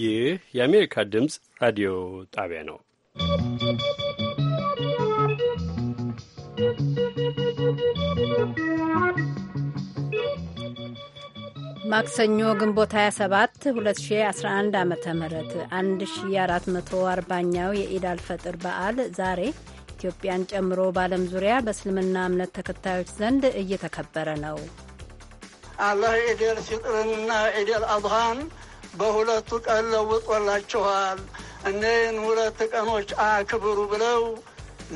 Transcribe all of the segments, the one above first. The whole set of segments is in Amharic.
ይህ የአሜሪካ ድምፅ ራዲዮ ጣቢያ ነው። ማክሰኞ ግንቦት 27 2011 ዓ ም 1440ኛው የኢድ አልፈጥር በዓል ዛሬ ኢትዮጵያን ጨምሮ በዓለም ዙሪያ በእስልምና እምነት ተከታዮች ዘንድ እየተከበረ ነው። አላህ ኢዴል ፊጥርና ኢዴል አድሃን በሁለቱ ቀን ለውጦላችኋል፣ እኔን ሁለት ቀኖች አክብሩ ብለው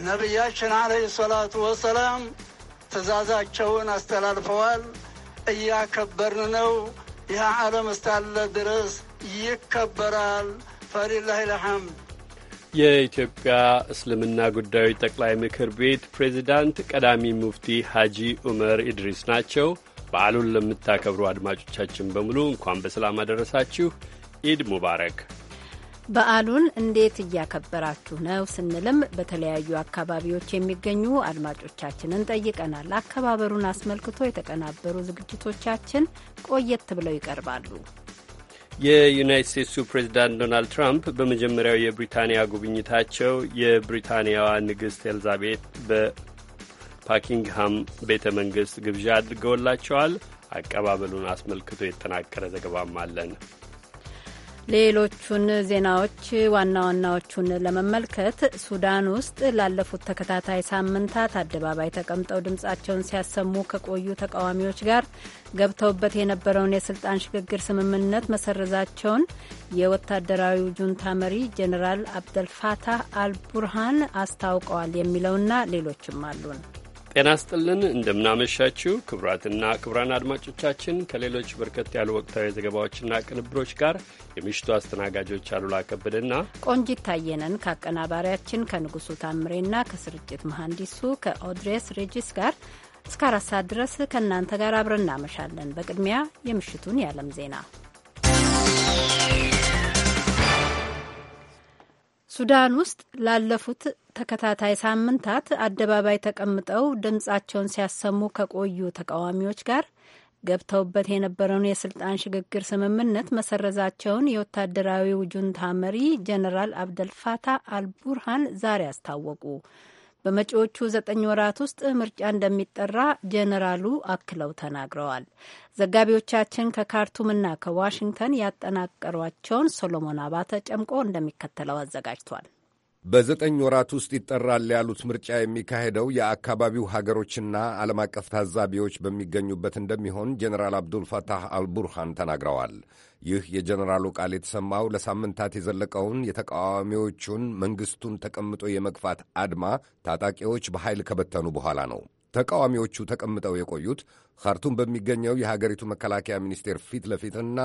ነቢያችን አለይ ሰላቱ ወሰላም ትእዛዛቸውን አስተላልፈዋል። እያከበርን ነው። ይህ ዓለም እስካለ ድረስ ይከበራል። ፈሊላህ ልሐምድ። የኢትዮጵያ እስልምና ጉዳዮች ጠቅላይ ምክር ቤት ፕሬዚዳንት ቀዳሚ ሙፍቲ ሐጂ ዑመር ኢድሪስ ናቸው። በዓሉን ለምታከብሩ አድማጮቻችን በሙሉ እንኳን በሰላም አደረሳችሁ። ኢድ ሙባረክ። በዓሉን እንዴት እያከበራችሁ ነው ስንልም በተለያዩ አካባቢዎች የሚገኙ አድማጮቻችንን ጠይቀናል። አከባበሩን አስመልክቶ የተቀናበሩ ዝግጅቶቻችን ቆየት ብለው ይቀርባሉ። የዩናይት ስቴትሱ ፕሬዚዳንት ዶናልድ ትራምፕ በመጀመሪያው የብሪታንያ ጉብኝታቸው የብሪታንያዋ ንግሥት ኤልዛቤት ፓኪንግሃም ቤተ መንግሥት ግብዣ አድርገውላቸዋል። አቀባበሉን አስመልክቶ የተጠናከረ ዘገባም አለን። ሌሎቹን ዜናዎች ዋና ዋናዎቹን ለመመልከት ሱዳን ውስጥ ላለፉት ተከታታይ ሳምንታት አደባባይ ተቀምጠው ድምጻቸውን ሲያሰሙ ከቆዩ ተቃዋሚዎች ጋር ገብተውበት የነበረውን የስልጣን ሽግግር ስምምነት መሰረዛቸውን የወታደራዊ ጁንታ መሪ ጄኔራል አብደልፋታህ አልቡርሃን አስታውቀዋል የሚለውና ሌሎችም አሉን። ጤና ስጥልን እንደምናመሻችው ክቡራትና ክቡራን አድማጮቻችን ከሌሎች በርከት ያሉ ወቅታዊ ዘገባዎችና ቅንብሮች ጋር የምሽቱ አስተናጋጆች አሉላ ከበደና ቆንጂት ታየነን ከአቀናባሪያችን ከንጉሱ ታምሬና ከስርጭት መሐንዲሱ ከኦድሬስ ሬጂስ ጋር እስከ አራት ሰዓት ድረስ ከእናንተ ጋር አብረን እናመሻለን። በቅድሚያ የምሽቱን የዓለም ዜና ሱዳን ውስጥ ላለፉት ተከታታይ ሳምንታት አደባባይ ተቀምጠው ድምጻቸውን ሲያሰሙ ከቆዩ ተቃዋሚዎች ጋር ገብተውበት የነበረውን የስልጣን ሽግግር ስምምነት መሰረዛቸውን የወታደራዊው ጁንታ መሪ ጀነራል አብደልፋታ አልቡርሃን ዛሬ አስታወቁ። በመጪዎቹ ዘጠኝ ወራት ውስጥ ምርጫ እንደሚጠራ ጀነራሉ አክለው ተናግረዋል። ዘጋቢዎቻችን ከካርቱምና ከዋሽንግተን ያጠናቀሯቸውን ሶሎሞን አባተ ጨምቆ እንደሚከተለው አዘጋጅቷል። በዘጠኝ ወራት ውስጥ ይጠራል ያሉት ምርጫ የሚካሄደው የአካባቢው ሀገሮችና ዓለም አቀፍ ታዛቢዎች በሚገኙበት እንደሚሆን ጀኔራል አብዱልፈታህ አልቡርሃን ተናግረዋል። ይህ የጀኔራሉ ቃል የተሰማው ለሳምንታት የዘለቀውን የተቃዋሚዎቹን መንግሥቱን ተቀምጦ የመግፋት አድማ ታጣቂዎች በኃይል ከበተኑ በኋላ ነው። ተቃዋሚዎቹ ተቀምጠው የቆዩት ካርቱም በሚገኘው የሀገሪቱ መከላከያ ሚኒስቴር ፊት ለፊትና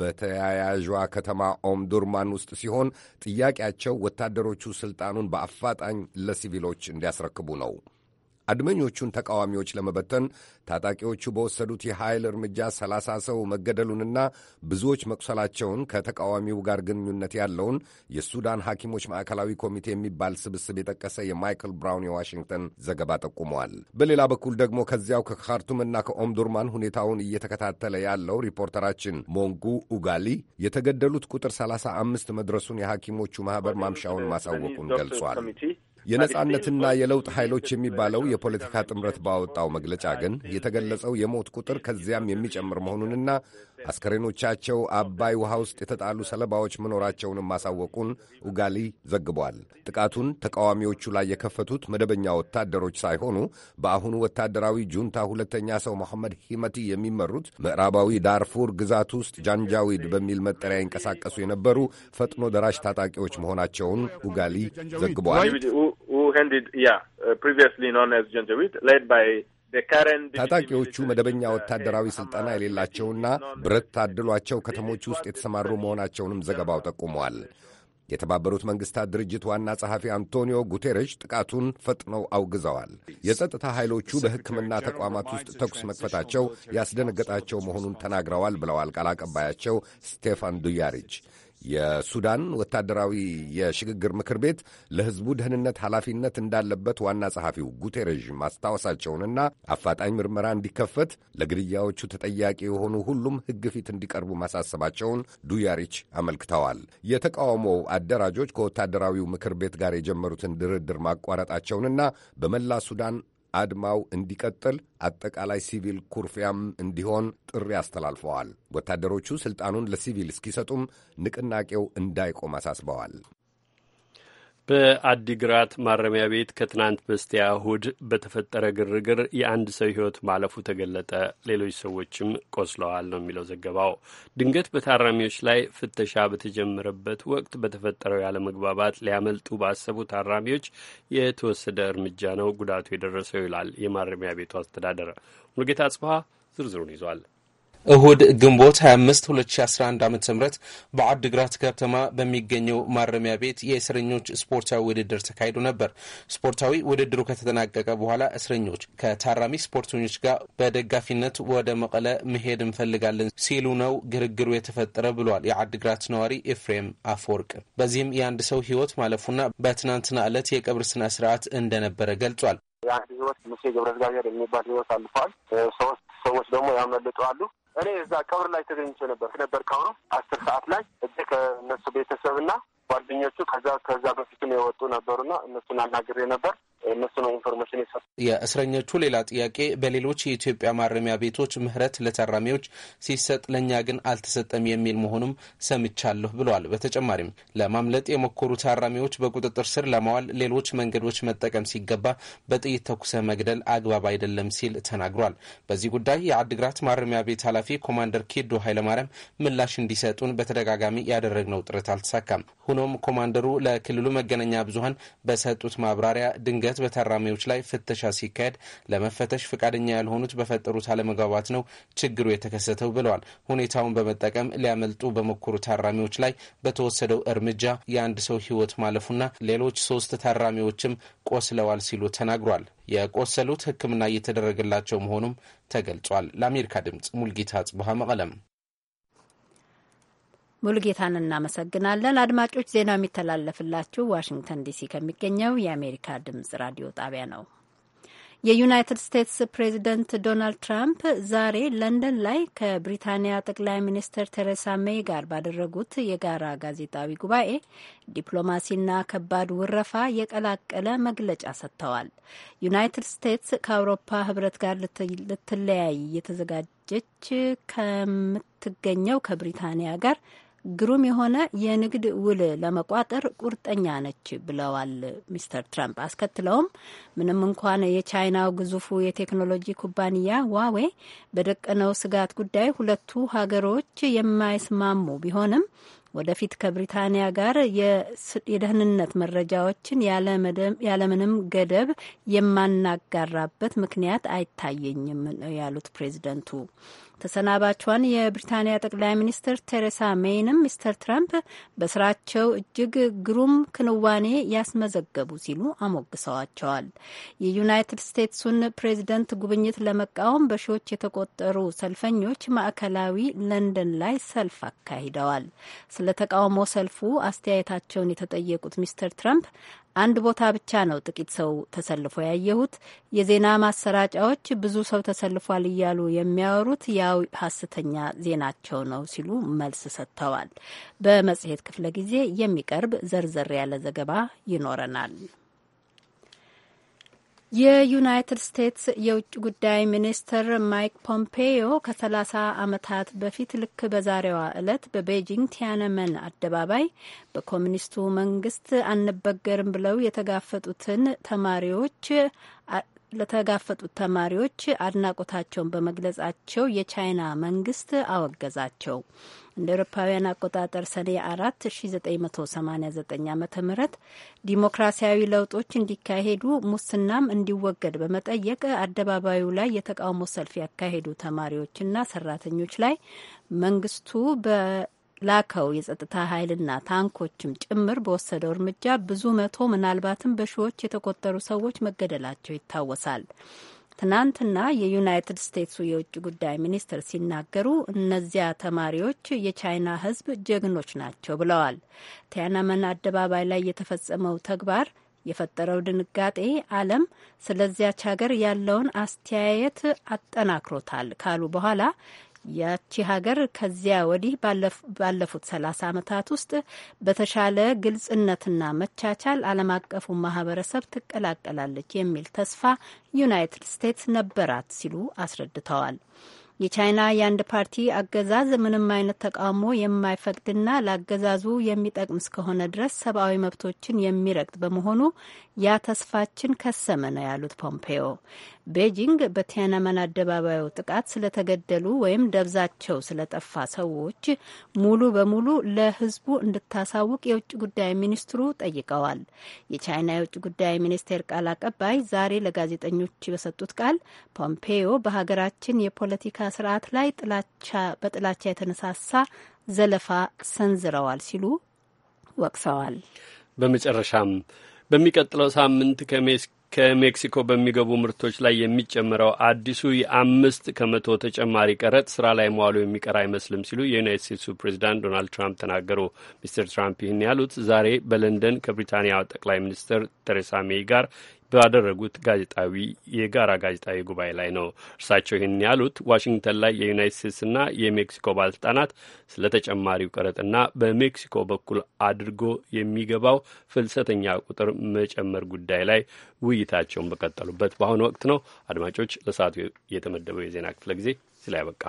በተያያዧ ከተማ ኦምዱርማን ውስጥ ሲሆን ጥያቄያቸው ወታደሮቹ ስልጣኑን በአፋጣኝ ለሲቪሎች እንዲያስረክቡ ነው። አድመኞቹን ተቃዋሚዎች ለመበተን ታጣቂዎቹ በወሰዱት የኃይል እርምጃ ሰላሳ ሰው መገደሉንና ብዙዎች መቁሰላቸውን ከተቃዋሚው ጋር ግንኙነት ያለውን የሱዳን ሐኪሞች ማዕከላዊ ኮሚቴ የሚባል ስብስብ የጠቀሰ የማይክል ብራውን የዋሽንግተን ዘገባ ጠቁመዋል። በሌላ በኩል ደግሞ ከዚያው ከካርቱምና ከኦምዱርማን ሁኔታውን እየተከታተለ ያለው ሪፖርተራችን ሞንጉ ኡጋሊ የተገደሉት ቁጥር ሰላሳ አምስት መድረሱን የሐኪሞቹ ማኅበር ማምሻውን ማሳወቁን ገልጿል። የነጻነትና የለውጥ ኃይሎች የሚባለው የፖለቲካ ጥምረት ባወጣው መግለጫ ግን የተገለጸው የሞት ቁጥር ከዚያም የሚጨምር መሆኑንና አስከሬኖቻቸው አባይ ውሃ ውስጥ የተጣሉ ሰለባዎች መኖራቸውንም ማሳወቁን ኡጋሊ ዘግቧል። ጥቃቱን ተቃዋሚዎቹ ላይ የከፈቱት መደበኛ ወታደሮች ሳይሆኑ በአሁኑ ወታደራዊ ጁንታ ሁለተኛ ሰው መሐመድ ሂመቲ የሚመሩት ምዕራባዊ ዳርፉር ግዛት ውስጥ ጃንጃዊድ በሚል መጠሪያ ይንቀሳቀሱ የነበሩ ፈጥኖ ደራሽ ታጣቂዎች መሆናቸውን ኡጋሊ ዘግቧል። ታጣቂዎቹ መደበኛ ወታደራዊ ስልጠና የሌላቸውና ብረት ታድሏቸው ከተሞች ውስጥ የተሰማሩ መሆናቸውንም ዘገባው ጠቁመዋል። የተባበሩት መንግስታት ድርጅት ዋና ጸሐፊ አንቶኒዮ ጉቴሬሽ ጥቃቱን ፈጥነው አውግዘዋል። የጸጥታ ኃይሎቹ በሕክምና ተቋማት ውስጥ ተኩስ መክፈታቸው ያስደነገጣቸው መሆኑን ተናግረዋል ብለዋል ቃል አቀባያቸው ስቴፋን ዱያሪች። የሱዳን ወታደራዊ የሽግግር ምክር ቤት ለሕዝቡ ደህንነት ኃላፊነት እንዳለበት ዋና ጸሐፊው ጉቴሬዥ ማስታወሳቸውንና አፋጣኝ ምርመራ እንዲከፈት ለግድያዎቹ ተጠያቂ የሆኑ ሁሉም ሕግ ፊት እንዲቀርቡ ማሳሰባቸውን ዱያሪች አመልክተዋል። የተቃውሞው አደራጆች ከወታደራዊው ምክር ቤት ጋር የጀመሩትን ድርድር ማቋረጣቸውንና በመላ ሱዳን አድማው እንዲቀጥል አጠቃላይ ሲቪል ኩርፊያም እንዲሆን ጥሪ አስተላልፈዋል። ወታደሮቹ ስልጣኑን ለሲቪል እስኪሰጡም ንቅናቄው እንዳይቆም አሳስበዋል። በአዲግራት ማረሚያ ቤት ከትናንት በስቲያ እሁድ በተፈጠረ ግርግር የአንድ ሰው ሕይወት ማለፉ ተገለጠ። ሌሎች ሰዎችም ቆስለዋል ነው የሚለው ዘገባው። ድንገት በታራሚዎች ላይ ፍተሻ በተጀመረበት ወቅት በተፈጠረው ያለመግባባት ሊያመልጡ ባሰቡ ታራሚዎች የተወሰደ እርምጃ ነው ጉዳቱ የደረሰው ይላል የማረሚያ ቤቱ አስተዳደር። ሙሉጌታ አጽብሃ ዝርዝሩን ይዟል። እሁድ ግንቦት 25 2011 ዓ ም በአድግራት ከተማ በሚገኘው ማረሚያ ቤት የእስረኞች ስፖርታዊ ውድድር ተካሂዶ ነበር። ስፖርታዊ ውድድሩ ከተጠናቀቀ በኋላ እስረኞች ከታራሚ ስፖርተኞች ጋር በደጋፊነት ወደ መቀለ መሄድ እንፈልጋለን ሲሉ ነው ግርግሩ የተፈጠረ ብሏል የአድግራት ነዋሪ ኤፍሬም አፈወርቅ። በዚህም የአንድ ሰው ህይወት ማለፉና በትናንትና ዕለት የቀብር ስነ ስርዓት እንደነበረ ገልጿል። የአንድ ህይወት ሙሴ ገብረ እግዚአብሔር የሚባል ህይወት አልፏል። ሶስት ሰዎች ደግሞ ያመልጠዋሉ እኔ እዛ ቀብር ላይ ተገኝቼ ነበር ነበር ቀብሩ አስር ሰዓት ላይ እዚህ ከእነሱ ቤተሰብና ጓደኞቹ ከዛ ከዛ በፊትም የወጡ ነበሩና እነሱን አናግሬ ነበር። እነሱ ነው ኢንፎርሜሽን የሰጡ። የእስረኞቹ ሌላ ጥያቄ በሌሎች የኢትዮጵያ ማረሚያ ቤቶች ምህረት ለታራሚዎች ሲሰጥ ለእኛ ግን አልተሰጠም የሚል መሆኑም ሰምቻለሁ ብለዋል። በተጨማሪም ለማምለጥ የሞከሩ ታራሚዎች በቁጥጥር ስር ለማዋል ሌሎች መንገዶች መጠቀም ሲገባ በጥይት ተኩሰ መግደል አግባብ አይደለም ሲል ተናግሯል። በዚህ ጉዳይ የአድግራት ማረሚያ ቤት ኃላፊ ኮማንደር ኬዶ ኃይለማርያም ምላሽ እንዲሰጡን በተደጋጋሚ ያደረግነው ጥረት አልተሳካም። ሆኖም ኮማንደሩ ለክልሉ መገናኛ ብዙሀን በሰጡት ማብራሪያ ድንገት ሂደት በታራሚዎች ላይ ፍተሻ ሲካሄድ ለመፈተሽ ፈቃደኛ ያልሆኑት በፈጠሩት አለመግባባት ነው ችግሩ የተከሰተው ብለዋል። ሁኔታውን በመጠቀም ሊያመልጡ በሞከሩ ታራሚዎች ላይ በተወሰደው እርምጃ የአንድ ሰው ሕይወት ማለፉና ሌሎች ሶስት ታራሚዎችም ቆስለዋል ሲሉ ተናግሯል። የቆሰሉት ሕክምና እየተደረገላቸው መሆኑም ተገልጿል። ለአሜሪካ ድምጽ ሙልጌታ ጽቡሃ መቀለም ሙሉጌታን እናመሰግናለን። አድማጮች ዜናው የሚተላለፍላችሁ ዋሽንግተን ዲሲ ከሚገኘው የአሜሪካ ድምጽ ራዲዮ ጣቢያ ነው። የዩናይትድ ስቴትስ ፕሬዚደንት ዶናልድ ትራምፕ ዛሬ ለንደን ላይ ከብሪታንያ ጠቅላይ ሚኒስትር ቴሬሳ ሜይ ጋር ባደረጉት የጋራ ጋዜጣዊ ጉባኤ ዲፕሎማሲና ከባድ ውረፋ የቀላቀለ መግለጫ ሰጥተዋል። ዩናይትድ ስቴትስ ከአውሮፓ ሕብረት ጋር ልትለያይ እየተዘጋጀች ከምትገኘው ከብሪታንያ ጋር ግሩም የሆነ የንግድ ውል ለመቋጠር ቁርጠኛ ነች ብለዋል ሚስተር ትራምፕ። አስከትለውም ምንም እንኳን የቻይናው ግዙፉ የቴክኖሎጂ ኩባንያ ዋዌ በደቀነው ስጋት ጉዳይ ሁለቱ ሀገሮች የማይስማሙ ቢሆንም ወደፊት ከብሪታንያ ጋር የደህንነት መረጃዎችን ያለምንም ገደብ የማናጋራበት ምክንያት አይታየኝም ነው ያሉት ፕሬዚደንቱ። ተሰናባቿን የብሪታንያ ጠቅላይ ሚኒስትር ቴሬሳ ሜይንም ሚስተር ትራምፕ በስራቸው እጅግ ግሩም ክንዋኔ ያስመዘገቡ ሲሉ አሞግሰዋቸዋል። የዩናይትድ ስቴትሱን ፕሬዚደንት ጉብኝት ለመቃወም በሺዎች የተቆጠሩ ሰልፈኞች ማዕከላዊ ለንደን ላይ ሰልፍ አካሂደዋል። ስለ ተቃውሞ ሰልፉ አስተያየታቸውን የተጠየቁት ሚስተር ትራምፕ አንድ ቦታ ብቻ ነው ጥቂት ሰው ተሰልፎ ያየሁት። የዜና ማሰራጫዎች ብዙ ሰው ተሰልፏል እያሉ የሚያወሩት ያው ሀስተኛ ዜናቸው ነው ሲሉ መልስ ሰጥተዋል። በመጽሔት ክፍለ ጊዜ የሚቀርብ ዘርዘር ያለ ዘገባ ይኖረናል። የዩናይትድ ስቴትስ የውጭ ጉዳይ ሚኒስትር ማይክ ፖምፔዮ ከ30 ዓመታት በፊት ልክ በዛሬዋ ዕለት በቤጂንግ ቲያነመን አደባባይ በኮሚኒስቱ መንግስት አንበገርም ብለው የተጋፈጡትን ተማሪዎች ለተጋፈጡት ተማሪዎች አድናቆታቸውን በመግለጻቸው የቻይና መንግስት አወገዛቸው። እንደ ኤሮፓውያን አቆጣጠር ሰኔ አራት ሺ ዘጠኝ መቶ ሰማኒያ ዘጠኝ ምህረት ዲሞክራሲያዊ ለውጦች እንዲካሄዱ ሙስናም እንዲወገድ በመጠየቅ አደባባዩ ላይ የተቃውሞ ሰልፍ ያካሄዱ ተማሪዎችና ሰራተኞች ላይ መንግስቱ በ ላከው የጸጥታ ኃይልና ታንኮችም ጭምር በወሰደው እርምጃ ብዙ መቶ ምናልባትም በሺዎች የተቆጠሩ ሰዎች መገደላቸው ይታወሳል። ትናንትና የዩናይትድ ስቴትሱ የውጭ ጉዳይ ሚኒስትር ሲናገሩ እነዚያ ተማሪዎች የቻይና ሕዝብ ጀግኖች ናቸው ብለዋል። ቲያናመን አደባባይ ላይ የተፈጸመው ተግባር የፈጠረው ድንጋጤ ዓለም ስለዚያች ሀገር ያለውን አስተያየት አጠናክሮታል ካሉ በኋላ ያቺ ሀገር ከዚያ ወዲህ ባለፉት ሰላሳ ዓመታት ውስጥ በተሻለ ግልጽነትና መቻቻል ዓለም አቀፉ ማህበረሰብ ትቀላቀላለች የሚል ተስፋ ዩናይትድ ስቴትስ ነበራት ሲሉ አስረድተዋል። የቻይና የአንድ ፓርቲ አገዛዝ ምንም አይነት ተቃውሞ የማይፈቅድና ለአገዛዙ የሚጠቅም እስከሆነ ድረስ ሰብአዊ መብቶችን የሚረግጥ በመሆኑ ያ ተስፋችን ከሰመ ነው ያሉት ፖምፔዮ ቤጂንግ በቲያናመን አደባባዩ ጥቃት ስለተገደሉ ወይም ደብዛቸው ስለጠፋ ሰዎች ሙሉ በሙሉ ለሕዝቡ እንድታሳውቅ የውጭ ጉዳይ ሚኒስትሩ ጠይቀዋል። የቻይና የውጭ ጉዳይ ሚኒስቴር ቃል አቀባይ ዛሬ ለጋዜጠኞች በሰጡት ቃል ፖምፔዮ በሀገራችን የፖለቲካ ስርዓት ላይ ጥላቻ በጥላቻ የተነሳሳ ዘለፋ ሰንዝረዋል ሲሉ ወቅሰዋል። በመጨረሻም በሚቀጥለው ሳምንት ከሜክሲኮ በሚገቡ ምርቶች ላይ የሚጨምረው አዲሱ የአምስት ከመቶ ተጨማሪ ቀረጥ ስራ ላይ መዋሉ የሚቀር አይመስልም ሲሉ የዩናይት ስቴትሱ ፕሬዚዳንት ዶናልድ ትራምፕ ተናገሩ። ሚስተር ትራምፕ ይህን ያሉት ዛሬ በለንደን ከብሪታንያ ጠቅላይ ሚኒስትር ቴሬሳ ሜይ ጋር ባደረጉት ጋዜጣዊ የጋራ ጋዜጣዊ ጉባኤ ላይ ነው። እርሳቸው ይህን ያሉት ዋሽንግተን ላይ የዩናይት ስቴትስና የሜክሲኮ ባለስልጣናት ስለ ተጨማሪው ቀረጥና በሜክሲኮ በኩል አድርጎ የሚገባው ፍልሰተኛ ቁጥር መጨመር ጉዳይ ላይ ውይይታቸውን በቀጠሉበት በአሁኑ ወቅት ነው። አድማጮች፣ ለሰዓቱ የተመደበው የዜና ክፍለ ጊዜ ስለ ያበቃ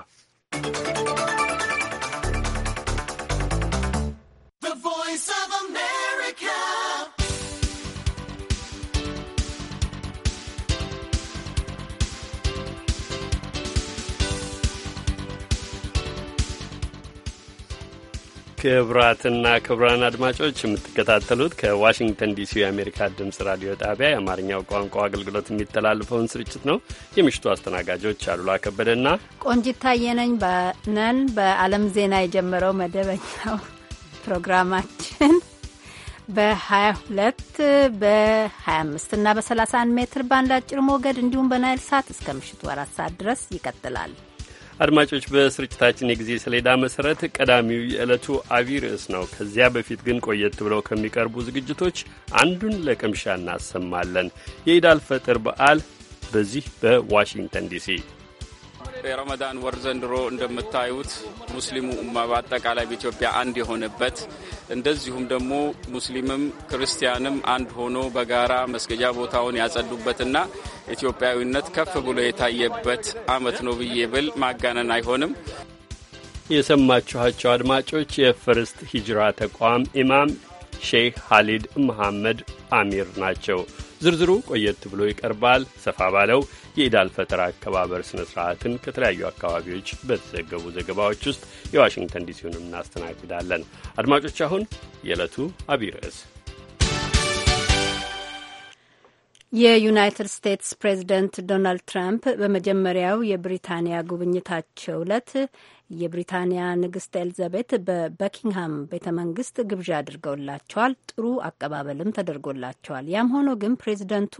ክብራትና ክብራን አድማጮች የምትከታተሉት ከዋሽንግተን ዲሲ የአሜሪካ ድምፅ ራዲዮ ጣቢያ የአማርኛው ቋንቋ አገልግሎት የሚተላልፈውን ስርጭት ነው። የምሽቱ አስተናጋጆች አሉላ ከበደና ቆንጂት ታየነኝ ነን። በዓለም ዜና የጀመረው መደበኛው ፕሮግራማችን በ22 በ25 እና በ31 ሜትር ባንድ አጭር ሞገድ እንዲሁም በናይል ሳት እስከ ምሽቱ አራት ሰዓት ድረስ ይቀጥላል። አድማጮች በስርጭታችን የጊዜ ሰሌዳ መሰረት ቀዳሚው የዕለቱ አቢይ ርዕስ ነው። ከዚያ በፊት ግን ቆየት ብለው ከሚቀርቡ ዝግጅቶች አንዱን ለቅምሻ እናሰማለን። የኢዳል ፈጥር በዓል በዚህ በዋሽንግተን ዲሲ የረመዳን ወር ዘንድሮ እንደምታዩት ሙስሊሙ ኡማ በአጠቃላይ በኢትዮጵያ አንድ የሆነበት እንደዚሁም ደግሞ ሙስሊምም ክርስቲያንም አንድ ሆኖ በጋራ መስገጃ ቦታውን ያጸዱበትና ኢትዮጵያዊነት ከፍ ብሎ የታየበት አመት ነው ብዬ ብል ማጋነን አይሆንም። የሰማችኋቸው አድማጮች የፍርስት ሂጅራ ተቋም ኢማም ሼህ ሀሊድ መሐመድ አሚር ናቸው። ዝርዝሩ ቆየት ብሎ ይቀርባል። ሰፋ ባለው የኢዳል ፈጠራ አከባበር ስነ ስርዓትን ከተለያዩ አካባቢዎች በተዘገቡ ዘገባዎች ውስጥ የዋሽንግተን ዲሲውን እናስተናግዳለን። አድማጮች፣ አሁን የዕለቱ አብይ ርዕስ የዩናይትድ ስቴትስ ፕሬዚደንት ዶናልድ ትራምፕ በመጀመሪያው የብሪታንያ ጉብኝታቸው ዕለት የብሪታንያ ንግስት ኤልዛቤት በበኪንግሃም ቤተ መንግስት ግብዣ አድርገውላቸዋል። ጥሩ አቀባበልም ተደርጎላቸዋል። ያም ሆኖ ግን ፕሬዚደንቱ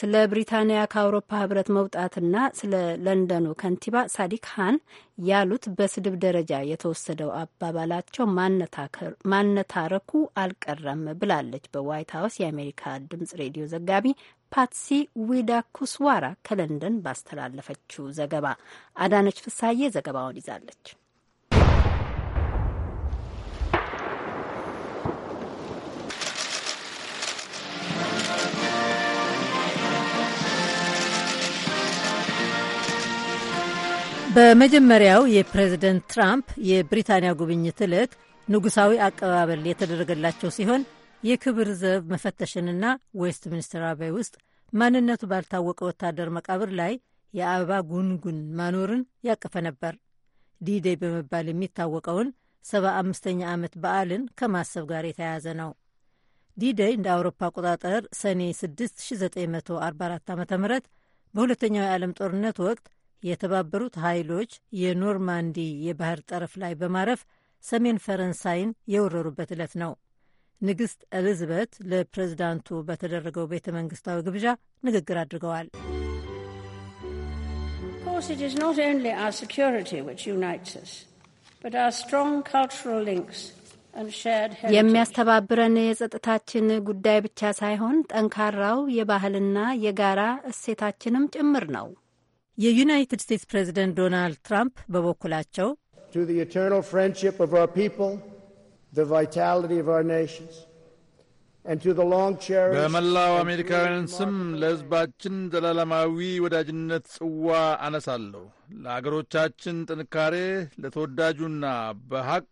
ስለ ብሪታንያ ከአውሮፓ ህብረት መውጣትና ስለ ለንደኑ ከንቲባ ሳዲክ ሃን ያሉት በስድብ ደረጃ የተወሰደው አባባላቸው ማነታረኩ አልቀረም ብላለች በዋይት ሀውስ የአሜሪካ ድምጽ ሬዲዮ ዘጋቢ ፓትሲ ዊዳ ኩስዋራ ከለንደን ባስተላለፈችው ዘገባ አዳነች ፍሳዬ ዘገባውን ይዛለች። በመጀመሪያው የፕሬዝደንት ትራምፕ የብሪታንያ ጉብኝት ዕለት ንጉሳዊ አቀባበል የተደረገላቸው ሲሆን የክብር ዘብ መፈተሽንና ዌስት ሚኒስትር አባይ ውስጥ ማንነቱ ባልታወቀ ወታደር መቃብር ላይ የአበባ ጉንጉን ማኖርን ያቀፈ ነበር። ዲዴይ በመባል የሚታወቀውን ሰባ አምስተኛ ዓመት በዓልን ከማሰብ ጋር የተያያዘ ነው። ዲዴይ እንደ አውሮፓ አቆጣጠር ሰኔ 6 1944 ዓ ም በሁለተኛው የዓለም ጦርነት ወቅት የተባበሩት ኃይሎች የኖርማንዲ የባህር ጠረፍ ላይ በማረፍ ሰሜን ፈረንሳይን የወረሩበት ዕለት ነው። ንግሥት ኤልዝበት ለፕሬዝዳንቱ በተደረገው ቤተ መንግሥታዊ ግብዣ ንግግር አድርገዋል። የሚያስተባብረን የጸጥታችን ጉዳይ ብቻ ሳይሆን ጠንካራው የባህልና የጋራ እሴታችንም ጭምር ነው። የዩናይትድ ስቴትስ ፕሬዝደንት ዶናልድ ትራምፕ በበኩላቸው በመላው አሜሪካውያን ስም ለሕዝባችን ዘላለማዊ ወዳጅነት ጽዋ አነሳለሁ። ለአገሮቻችን ጥንካሬ፣ ለተወዳጁና በሐቅ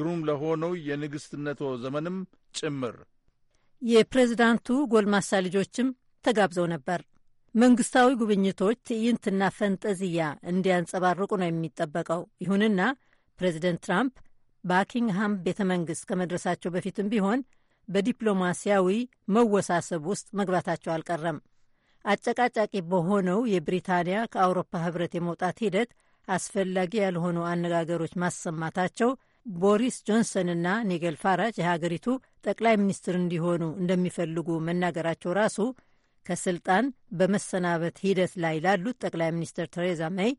ግሩም ለሆነው የንግሥትነቶ ዘመንም ጭምር የፕሬዝዳንቱ ጎልማሳ ልጆችም ተጋብዘው ነበር። መንግስታዊ ጉብኝቶች ትዕይንትና ፈንጠዝያ እንዲያንጸባርቁ ነው የሚጠበቀው። ይሁንና ፕሬዚደንት ትራምፕ ባኪንግሃም ቤተ መንግስት ከመድረሳቸው በፊትም ቢሆን በዲፕሎማሲያዊ መወሳሰብ ውስጥ መግባታቸው አልቀረም። አጨቃጫቂ በሆነው የብሪታንያ ከአውሮፓ ህብረት የመውጣት ሂደት አስፈላጊ ያልሆኑ አነጋገሮች ማሰማታቸው ቦሪስ ጆንሰንና ኒገል ፋራጅ የሀገሪቱ ጠቅላይ ሚኒስትር እንዲሆኑ እንደሚፈልጉ መናገራቸው ራሱ ከስልጣን በመሰናበት ሂደት ላይ ላሉት ጠቅላይ ሚኒስትር ቴሬዛ ሜይ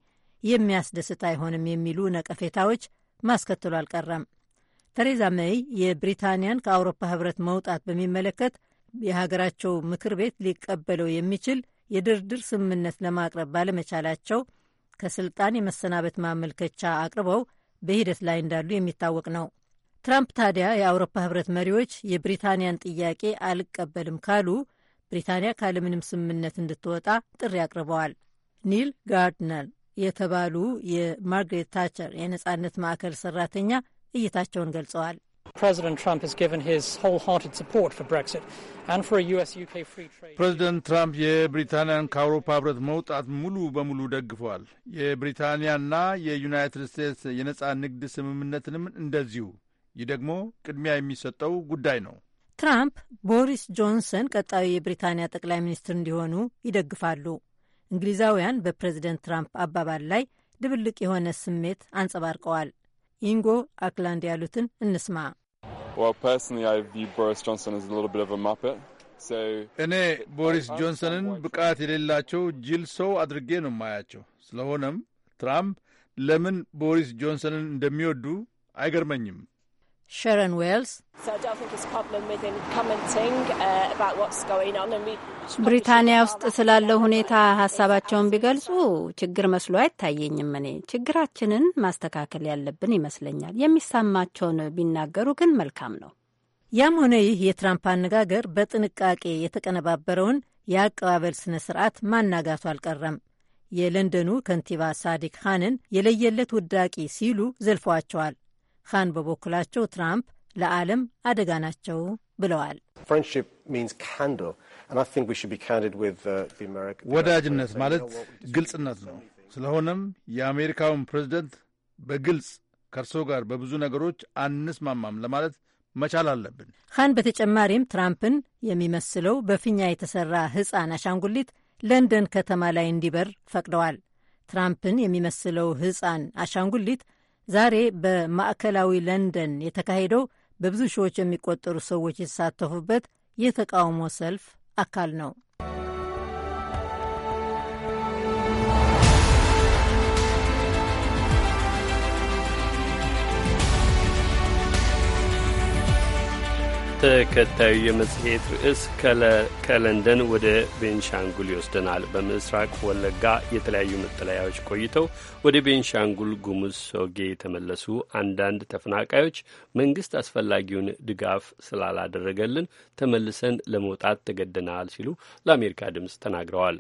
የሚያስደስት አይሆንም የሚሉ ነቀፌታዎች ማስከተሉ አልቀረም። ቴሬዛ ሜይ የብሪታንያን ከአውሮፓ ህብረት መውጣት በሚመለከት የሀገራቸው ምክር ቤት ሊቀበለው የሚችል የድርድር ስምምነት ለማቅረብ ባለመቻላቸው ከስልጣን የመሰናበት ማመልከቻ አቅርበው በሂደት ላይ እንዳሉ የሚታወቅ ነው። ትራምፕ ታዲያ የአውሮፓ ህብረት መሪዎች የብሪታንያን ጥያቄ አልቀበልም ካሉ ብሪታንያ ካለምንም ስምምነት እንድትወጣ ጥሪ አቅርበዋል። ኒል ጋርድነር የተባሉ የማርግሬት ታቸር የነጻነት ማዕከል ሰራተኛ እይታቸውን ገልጸዋል። ፕሬዚደንት ትራምፕ የብሪታንያን ከአውሮፓ ህብረት መውጣት ሙሉ በሙሉ ደግፈዋል። የብሪታንያና የዩናይትድ ስቴትስ የነጻ ንግድ ስምምነትንም እንደዚሁ። ይህ ደግሞ ቅድሚያ የሚሰጠው ጉዳይ ነው። ትራምፕ ቦሪስ ጆንሰን ቀጣዩ የብሪታንያ ጠቅላይ ሚኒስትር እንዲሆኑ ይደግፋሉ። እንግሊዛውያን በፕሬዚደንት ትራምፕ አባባል ላይ ድብልቅ የሆነ ስሜት አንጸባርቀዋል። ኢንጎ አክላንድ ያሉትን እንስማ። እኔ ቦሪስ ጆንሰንን ብቃት የሌላቸው ጅል ሰው አድርጌ ነው የማያቸው። ስለሆነም ትራምፕ ለምን ቦሪስ ጆንሰንን እንደሚወዱ አይገርመኝም። ሸረን ዌልስ uh, ብሪታንያ ውስጥ ስላለው ሁኔታ ሀሳባቸውን ቢገልጹ ችግር መስሎ አይታየኝም። እኔ ችግራችንን ማስተካከል ያለብን ይመስለኛል። የሚሰማቸውን ቢናገሩ ግን መልካም ነው። ያም ሆነ ይህ የትራምፕ አነጋገር በጥንቃቄ የተቀነባበረውን የአቀባበል ስነ ስርዓት ማናጋቱ አልቀረም። የለንደኑ ከንቲባ ሳዲክ ካንን የለየለት ውዳቂ ሲሉ ዘልፈዋቸዋል። ካን በበኩላቸው ትራምፕ ለዓለም አደጋ ናቸው ብለዋል። uh, ወዳጅነት ማለት ግልጽነት ነው። ስለሆነም የአሜሪካውን ፕሬዚደንት በግልጽ ከእርሶ ጋር በብዙ ነገሮች አንስማማም ለማለት መቻል አለብን። ካን በተጨማሪም ትራምፕን የሚመስለው በፊኛ የተሰራ ሕፃን አሻንጉሊት ለንደን ከተማ ላይ እንዲበር ፈቅደዋል። ትራምፕን የሚመስለው ሕፃን አሻንጉሊት ዛሬ በማዕከላዊ ለንደን የተካሄደው በብዙ ሺዎች የሚቆጠሩ ሰዎች የተሳተፉበት የተቃውሞ ሰልፍ አካል ነው። ተከታዩ የመጽሔት ርዕስ ከለንደን ወደ ቤንሻንጉል ይወስደናል። በምስራቅ ወለጋ የተለያዩ መጠለያዎች ቆይተው ወደ ቤንሻንጉል ጉሙዝ ሶጌ የተመለሱ አንዳንድ ተፈናቃዮች መንግስት አስፈላጊውን ድጋፍ ስላላደረገልን ተመልሰን ለመውጣት ተገደናል ሲሉ ለአሜሪካ ድምፅ ተናግረዋል።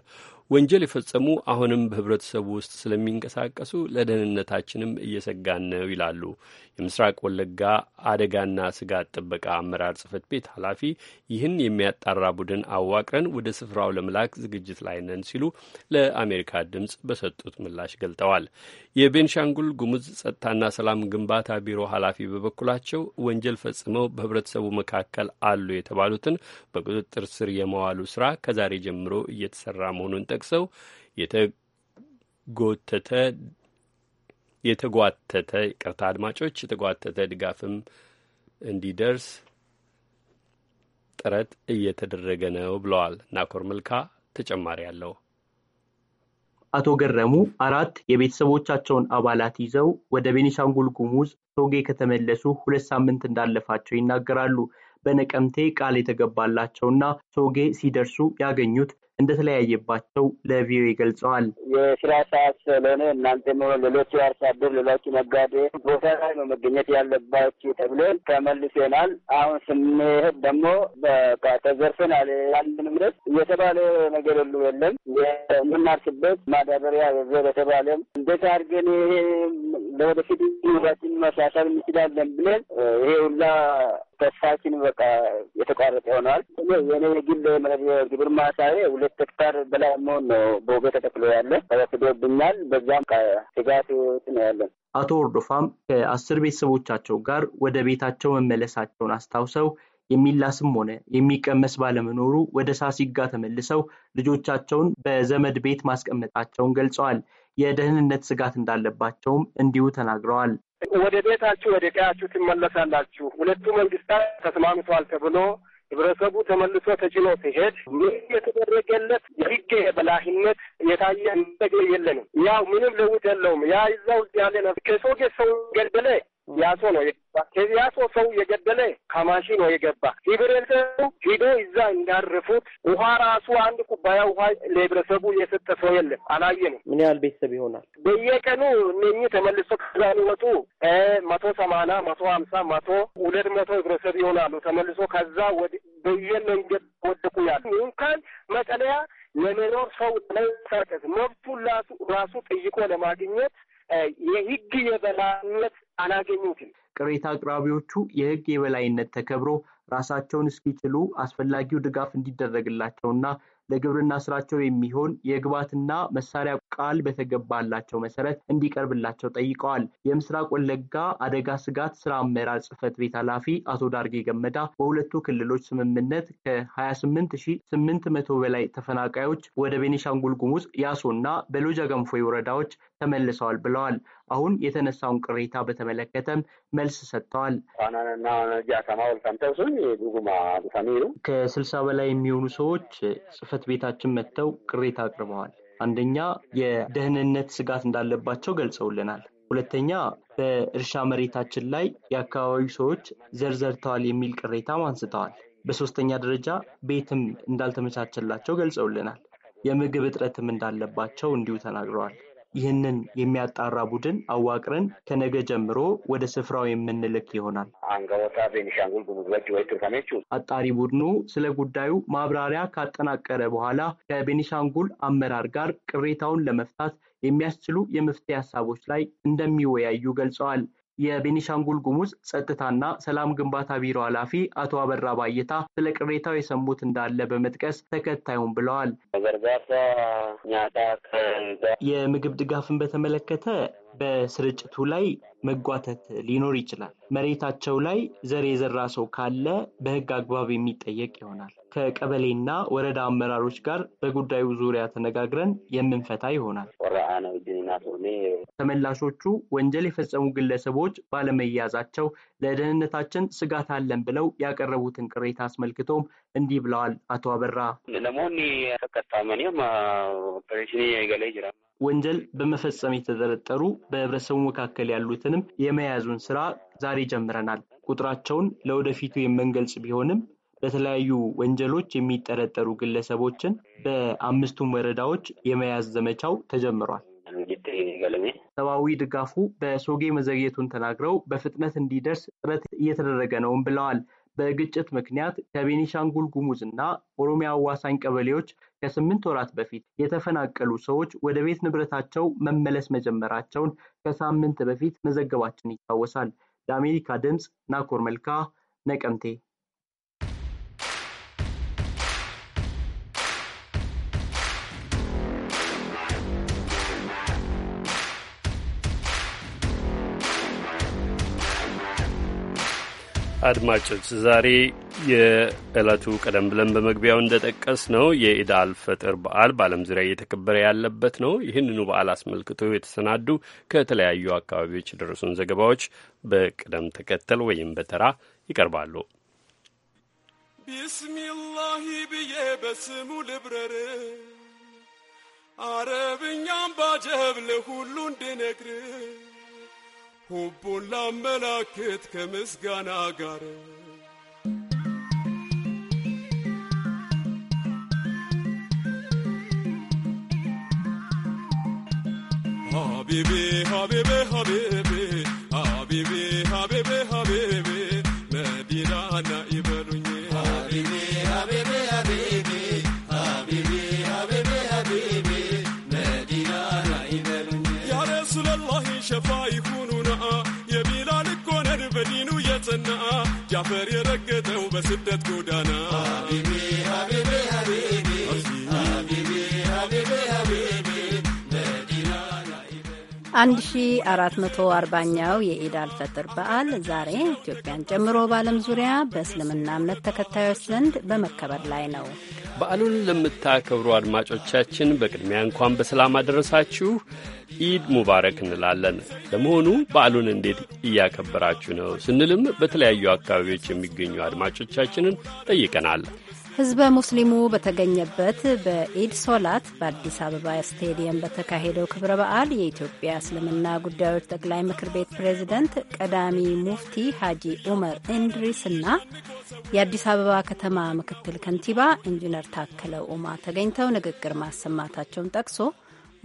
ወንጀል የፈጸሙ አሁንም በህብረተሰቡ ውስጥ ስለሚንቀሳቀሱ ለደህንነታችንም እየሰጋን ነው ይላሉ የምስራቅ ወለጋ አደጋና ስጋት ጥበቃ አመራር ጽህፈት ቤት ኃላፊ። ይህን የሚያጣራ ቡድን አዋቅረን ወደ ስፍራው ለመላክ ዝግጅት ላይ ነን ሲሉ ለአሜሪካ ድምፅ በሰጡት ምላሽ ገልጠዋል። የቤንሻንጉል ጉሙዝ ጸጥታና ሰላም ግንባታ ቢሮ ኃላፊ በበኩላቸው ወንጀል ፈጽመው በህብረተሰቡ መካከል አሉ የተባሉትን በቁጥጥር ስር የመዋሉ ስራ ከዛሬ ጀምሮ እየተሰራ መሆኑን ጠቅ ጠቅሰው የተጎተተ የተጓተተ ቅርታ አድማጮች የተጓተተ ድጋፍም እንዲደርስ ጥረት እየተደረገ ነው ብለዋል። ናኮር መልካ ተጨማሪ አለው። አቶ ገረሙ አራት የቤተሰቦቻቸውን አባላት ይዘው ወደ ቤኒሻንጉል ጉሙዝ ቶጌ ከተመለሱ ሁለት ሳምንት እንዳለፋቸው ይናገራሉ። በነቀምቴ ቃል የተገባላቸውና ቶጌ ሲደርሱ ያገኙት እንደተለያየባቸው ለቪኦኤ ገልጸዋል። የስራ ሰዓት ስለሆነ እናንተም ሆነ ሌሎች አርሶ አደር ሌሎች ነጋዴ ቦታ ላይ ነው መገኘት ያለባችሁ ተብለን ተመልሰናል። አሁን ስንሄድ ደግሞ በቃ ተዘርፈናል። አንድን ምረት እየተባለ ነገር ሁሉ የለም። የምናርስበት ማዳበሪያ በተባለም እንዴት አድርገን ይሄ ለወደፊት ኑሯችን ማሻሻል እንችላለን ብለን ይሄ ሁላ ተስፋችን በቃ የተቋረጠ ሆነዋል። የኔ የግል ግብር ማሳየ ሁለት ሁለት ሄክታር በላይ መሆን ነው በውቤ ተጠቅሎ ያለ ተወስዶብኛል። በዛም ከስጋት ነው ያለን። አቶ ወርዶፋም ከአስር ቤተሰቦቻቸው ጋር ወደ ቤታቸው መመለሳቸውን አስታውሰው የሚላስም ሆነ የሚቀመስ ባለመኖሩ ወደ ሳሲጋ ተመልሰው ልጆቻቸውን በዘመድ ቤት ማስቀመጣቸውን ገልጸዋል። የደህንነት ስጋት እንዳለባቸውም እንዲሁ ተናግረዋል። ወደ ቤታችሁ ወደ ቀያችሁ ትመለሳላችሁ፣ ሁለቱ መንግስታት ተስማምተዋል ተብሎ ህብረተሰቡ ተመልሶ ተጭኖ ሲሄድ ምንም የተደረገለት የህግ የበላይነት የታየ ነገር የለንም። ያው ምንም ለውጥ የለውም። ያ ይዛው ያለ ከሰው ሰው ገደለ ያሶ ነው የገባ ከያሶ ሰው የገደለ ከማሺ ነው የገባ ህብረተሰቡ ሂዶ እዛ እንዳረፉት ውሃ ራሱ አንድ ኩባያ ውሃ ለህብረተሰቡ የሰጠ ሰው የለም። አላየንም። ምን ያህል ቤተሰብ ይሆናል? በየቀኑ እነኚህ ተመልሶ ከዛ የሚመጡ መቶ ሰማና መቶ ሀምሳ መቶ ሁለት መቶ ህብረተሰብ ይሆናሉ። ተመልሶ ከዛ ወደ በየመንገድ ወደቁ ያሉ እንኳን መጠለያ ለመኖር ሰው ለመንቀሳቀስ መብቱ ራሱ ጠይቆ ለማግኘት የህግ የበላይነት አላገኙትም። ቅሬታ አቅራቢዎቹ የህግ የበላይነት ተከብሮ ራሳቸውን እስኪችሉ አስፈላጊው ድጋፍ እንዲደረግላቸውና ለግብርና ስራቸው የሚሆን የግብዓትና መሳሪያ ቃል በተገባላቸው መሰረት እንዲቀርብላቸው ጠይቀዋል። የምስራቅ ወለጋ አደጋ ስጋት ስራ አመራር ጽህፈት ቤት ኃላፊ አቶ ዳርጌ ገመዳ በሁለቱ ክልሎች ስምምነት ከ28800 በላይ ተፈናቃዮች ወደ ቤኒሻንጉል ጉሙዝ ያሶና በሎጃ ገንፎይ ወረዳዎች ተመልሰዋል ብለዋል። አሁን የተነሳውን ቅሬታ በተመለከተም መልስ ሰጥተዋል። ከስልሳ በላይ የሚሆኑ ሰዎች ጽህፈት ቤታችን መጥተው ቅሬታ አቅርበዋል። አንደኛ የደህንነት ስጋት እንዳለባቸው ገልጸውልናል። ሁለተኛ በእርሻ መሬታችን ላይ የአካባቢው ሰዎች ዘርዘርተዋል የሚል ቅሬታም አንስተዋል። በሶስተኛ ደረጃ ቤትም እንዳልተመቻቸላቸው ገልጸውልናል። የምግብ እጥረትም እንዳለባቸው እንዲሁ ተናግረዋል። ይህንን የሚያጣራ ቡድን አዋቅረን ከነገ ጀምሮ ወደ ስፍራው የምንልክ ይሆናል። አጣሪ ቡድኑ ስለ ጉዳዩ ማብራሪያ ካጠናቀረ በኋላ ከቤኒሻንጉል አመራር ጋር ቅሬታውን ለመፍታት የሚያስችሉ የመፍትሄ ሀሳቦች ላይ እንደሚወያዩ ገልጸዋል። የቤኒሻንጉል ጉሙዝ ጸጥታና ሰላም ግንባታ ቢሮ ኃላፊ አቶ አበራ ባየታ ስለ ቅሬታው የሰሙት እንዳለ በመጥቀስ ተከታዩም ብለዋል። የምግብ ድጋፍን በተመለከተ በስርጭቱ ላይ መጓተት ሊኖር ይችላል። መሬታቸው ላይ ዘር የዘራ ሰው ካለ በሕግ አግባብ የሚጠየቅ ይሆናል። ከቀበሌና ወረዳ አመራሮች ጋር በጉዳዩ ዙሪያ ተነጋግረን የምንፈታ ይሆናል። ተመላሾቹ ወንጀል የፈጸሙ ግለሰቦች ባለመያዛቸው ለደህንነታችን ስጋት አለን ብለው ያቀረቡትን ቅሬታ አስመልክቶም እንዲህ ብለዋል አቶ አበራ። ወንጀል በመፈጸም የተጠረጠሩ በህብረተሰቡ መካከል ያሉትንም የመያዙን ስራ ዛሬ ጀምረናል። ቁጥራቸውን ለወደፊቱ የምንገልጽ ቢሆንም በተለያዩ ወንጀሎች የሚጠረጠሩ ግለሰቦችን በአምስቱም ወረዳዎች የመያዝ ዘመቻው ተጀምሯል። ሰብአዊ ድጋፉ በሶጌ መዘግየቱን ተናግረው በፍጥነት እንዲደርስ ጥረት እየተደረገ ነውም ብለዋል። በግጭት ምክንያት ከቤኒሻንጉል ጉሙዝ እና ኦሮሚያ አዋሳኝ ቀበሌዎች ከስምንት ወራት በፊት የተፈናቀሉ ሰዎች ወደ ቤት ንብረታቸው መመለስ መጀመራቸውን ከሳምንት በፊት መዘገባችን ይታወሳል። ለአሜሪካ ድምፅ ናኮር መልካ ነቀምቴ አድማጮች ዛሬ የዕለቱ ቀደም ብለን በመግቢያው እንደጠቀስ ነው የኢድ ፈጥር በዓል በዓለም ዙሪያ እየተከበረ ያለበት ነው። ይህንኑ በዓል አስመልክቶ የተሰናዱ ከተለያዩ አካባቢዎች የደረሱን ዘገባዎች በቅደም ተከተል ወይም በተራ ይቀርባሉ። ቢስሚላሂ ብዬ በስሙ ልብረር አረብኛም ባጀብ ለሁሉ እንድነግርህ ሁቡን ላመላክት ከምስጋና ጋር Habibi, Habibi, Habibi, Habibi. አፈር የረገጠው በስደት ጎዳና 1440ኛው የኢድ አልፈጥር በዓል ዛሬ ኢትዮጵያን ጨምሮ በዓለም ዙሪያ በእስልምና እምነት ተከታዮች ዘንድ በመከበር ላይ ነው። በዓሉን ለምታከብሩ አድማጮቻችን በቅድሚያ እንኳን በሰላም አደረሳችሁ ኢድ ሙባረክ እንላለን። ለመሆኑ በዓሉን እንዴት እያከበራችሁ ነው ስንልም በተለያዩ አካባቢዎች የሚገኙ አድማጮቻችንን ጠይቀናል። ህዝበ ሙስሊሙ በተገኘበት በኢድ ሶላት በአዲስ አበባ ስቴዲየም በተካሄደው ክብረ በዓል የኢትዮጵያ እስልምና ጉዳዮች ጠቅላይ ምክር ቤት ፕሬዝደንት ቀዳሚ ሙፍቲ ሀጂ ኡመር ኢንድሪስ እና የአዲስ አበባ ከተማ ምክትል ከንቲባ ኢንጂነር ታከለ ኡማ ተገኝተው ንግግር ማሰማታቸውን ጠቅሶ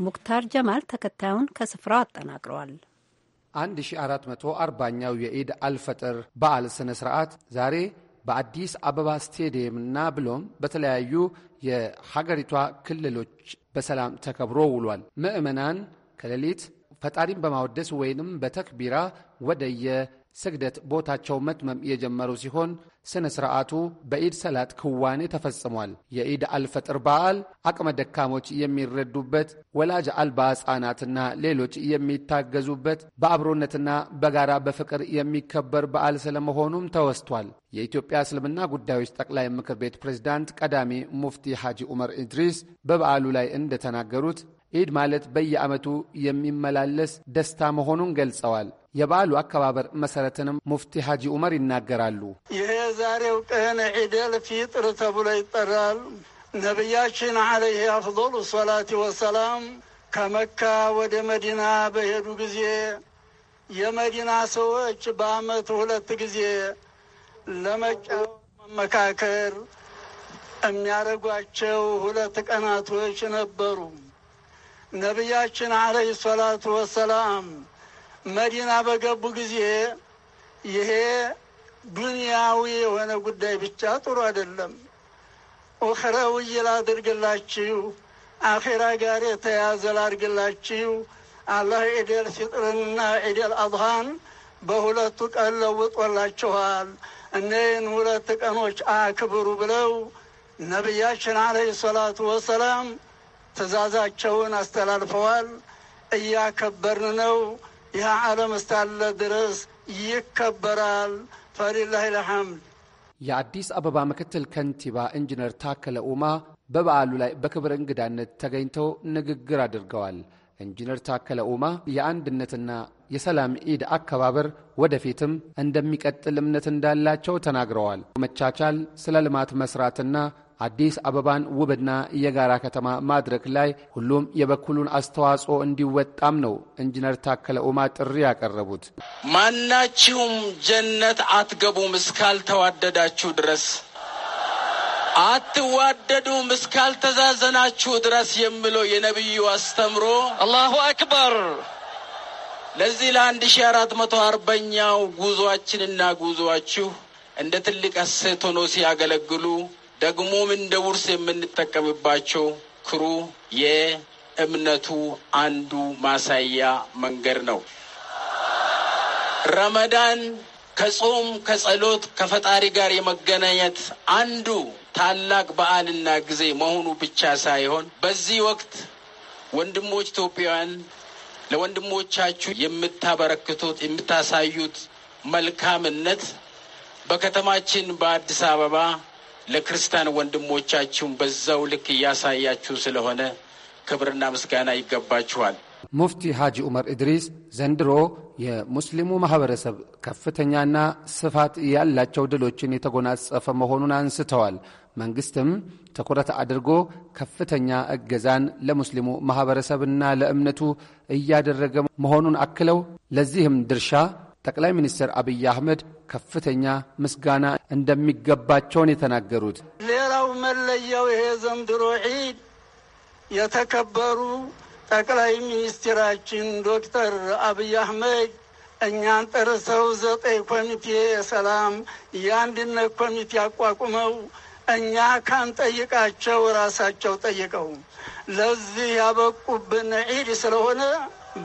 ሙክታር ጀማል ተከታዩን ከስፍራው አጠናቅረዋል። 1440ኛው የኢድ አልፈጥር በዓል ስነ ስርዓት ዛሬ በአዲስ አበባ ስቴዲየምና ብሎም በተለያዩ የሀገሪቷ ክልሎች በሰላም ተከብሮ ውሏል። ምዕመናን ከሌሊት ፈጣሪን በማወደስ ወይንም በተክቢራ ወደየ ስግደት ቦታቸው መትመም የጀመሩ ሲሆን ስነ ሥርዓቱ በኢድ ሰላት ክዋኔ ተፈጽሟል። የኢድ አልፈጥር በዓል አቅመ ደካሞች የሚረዱበት፣ ወላጅ አልባ ሕፃናትና ሌሎች የሚታገዙበት፣ በአብሮነትና በጋራ በፍቅር የሚከበር በዓል ስለመሆኑም ተወስቷል። የኢትዮጵያ እስልምና ጉዳዮች ጠቅላይ ምክር ቤት ፕሬዝዳንት ቀዳሚ ሙፍቲ ሐጂ ዑመር ኢድሪስ በበዓሉ ላይ እንደተናገሩት ኢድ ማለት በየዓመቱ የሚመላለስ ደስታ መሆኑን ገልጸዋል። የበዓሉ አከባበር መሠረትንም ሙፍቲ ሐጂ ዑመር ይናገራሉ። ይሄ ዛሬው ቀን ዒደል ፊጥር ተብሎ ይጠራል። ነቢያችን ዓለይህ አፍሉ ሰላት ወሰላም ከመካ ወደ መዲና በሄዱ ጊዜ የመዲና ሰዎች በዓመት ሁለት ጊዜ ለመጫወት መመካከር የሚያደርጓቸው ሁለት ቀናቶች ነበሩ። ነቢያችን አለይሂ ሰላቱ ወሰላም መዲና በገቡ ጊዜ ይሄ ዱንያዊ የሆነ ጉዳይ ብቻ ጥሩ አይደለም፣ ኡኽረዊ ላድርግላችሁ፣ አኼራ ጋር የተያዘ ላድርግላችሁ። አላህ ዒደል ፊጥርንና ዒደል አድሃን በሁለቱ ቀን ለውጦላችኋል። እነን ሁለት ቀኖች አክብሩ ብለው ነቢያችን አለይሂ ሰላቱ ወሰላም ትእዛዛቸውን አስተላልፈዋል። እያከበርን ነው። ይህ ዓለም እስካለ ድረስ ይከበራል። ፈሊላህ ልሐምድ። የአዲስ አበባ ምክትል ከንቲባ ኢንጂነር ታከለ ኡማ በበዓሉ ላይ በክብር እንግዳነት ተገኝተው ንግግር አድርገዋል። ኢንጂነር ታከለ ኡማ የአንድነትና የሰላም ኢድ አከባበር ወደፊትም እንደሚቀጥል እምነት እንዳላቸው ተናግረዋል። መቻቻል፣ ስለ ልማት መስራትና አዲስ አበባን ውብና የጋራ ከተማ ማድረግ ላይ ሁሉም የበኩሉን አስተዋጽኦ እንዲወጣም ነው ኢንጂነር ታከለ ኡማ ጥሪ ያቀረቡት። ማናችሁም ጀነት አትገቡም እስካልተዋደዳችሁ ድረስ አትዋደዱም እስካልተዛዘናችሁ ድረስ የሚለው የነቢዩ አስተምሮ አላሁ አክበር። ለዚህ ለአንድ ሺ አራት መቶ አርበኛው ጉዞአችንና ጉዞአችሁ እንደ ትልቅ እሴት ሆኖ ሲያገለግሉ ደግሞም እንደ ውርስ የምንጠቀምባቸው ክሩ የእምነቱ አንዱ ማሳያ መንገድ ነው። ረመዳን ከጾም ከጸሎት፣ ከፈጣሪ ጋር የመገናኘት አንዱ ታላቅ በዓልና ጊዜ መሆኑ ብቻ ሳይሆን በዚህ ወቅት ወንድሞች ኢትዮጵያውያን ለወንድሞቻችሁ የምታበረክቱት የምታሳዩት መልካምነት በከተማችን በአዲስ አበባ ለክርስቲያን ወንድሞቻችሁን በዛው ልክ እያሳያችሁ ስለሆነ ክብርና ምስጋና ይገባችኋል። ሙፍቲ ሐጂ ዑመር ኢድሪስ ዘንድሮ የሙስሊሙ ማህበረሰብ ከፍተኛና ስፋት ያላቸው ድሎችን የተጎናጸፈ መሆኑን አንስተዋል። መንግስትም ትኩረት አድርጎ ከፍተኛ እገዛን ለሙስሊሙ ማህበረሰብና ለእምነቱ እያደረገ መሆኑን አክለው ለዚህም ድርሻ ጠቅላይ ሚኒስትር አብይ አህመድ ከፍተኛ ምስጋና እንደሚገባቸውን የተናገሩት። ሌላው መለያው ይሄ ዘንድሮ ዒድ የተከበሩ ጠቅላይ ሚኒስትራችን ዶክተር አብይ አህመድ እኛን ጠርሰው ዘጠኝ ኮሚቴ የሰላም የአንድነት ኮሚቴ አቋቁመው እኛ ካንጠይቃቸው ራሳቸው ጠይቀው ለዚህ ያበቁብን ዒድ ስለሆነ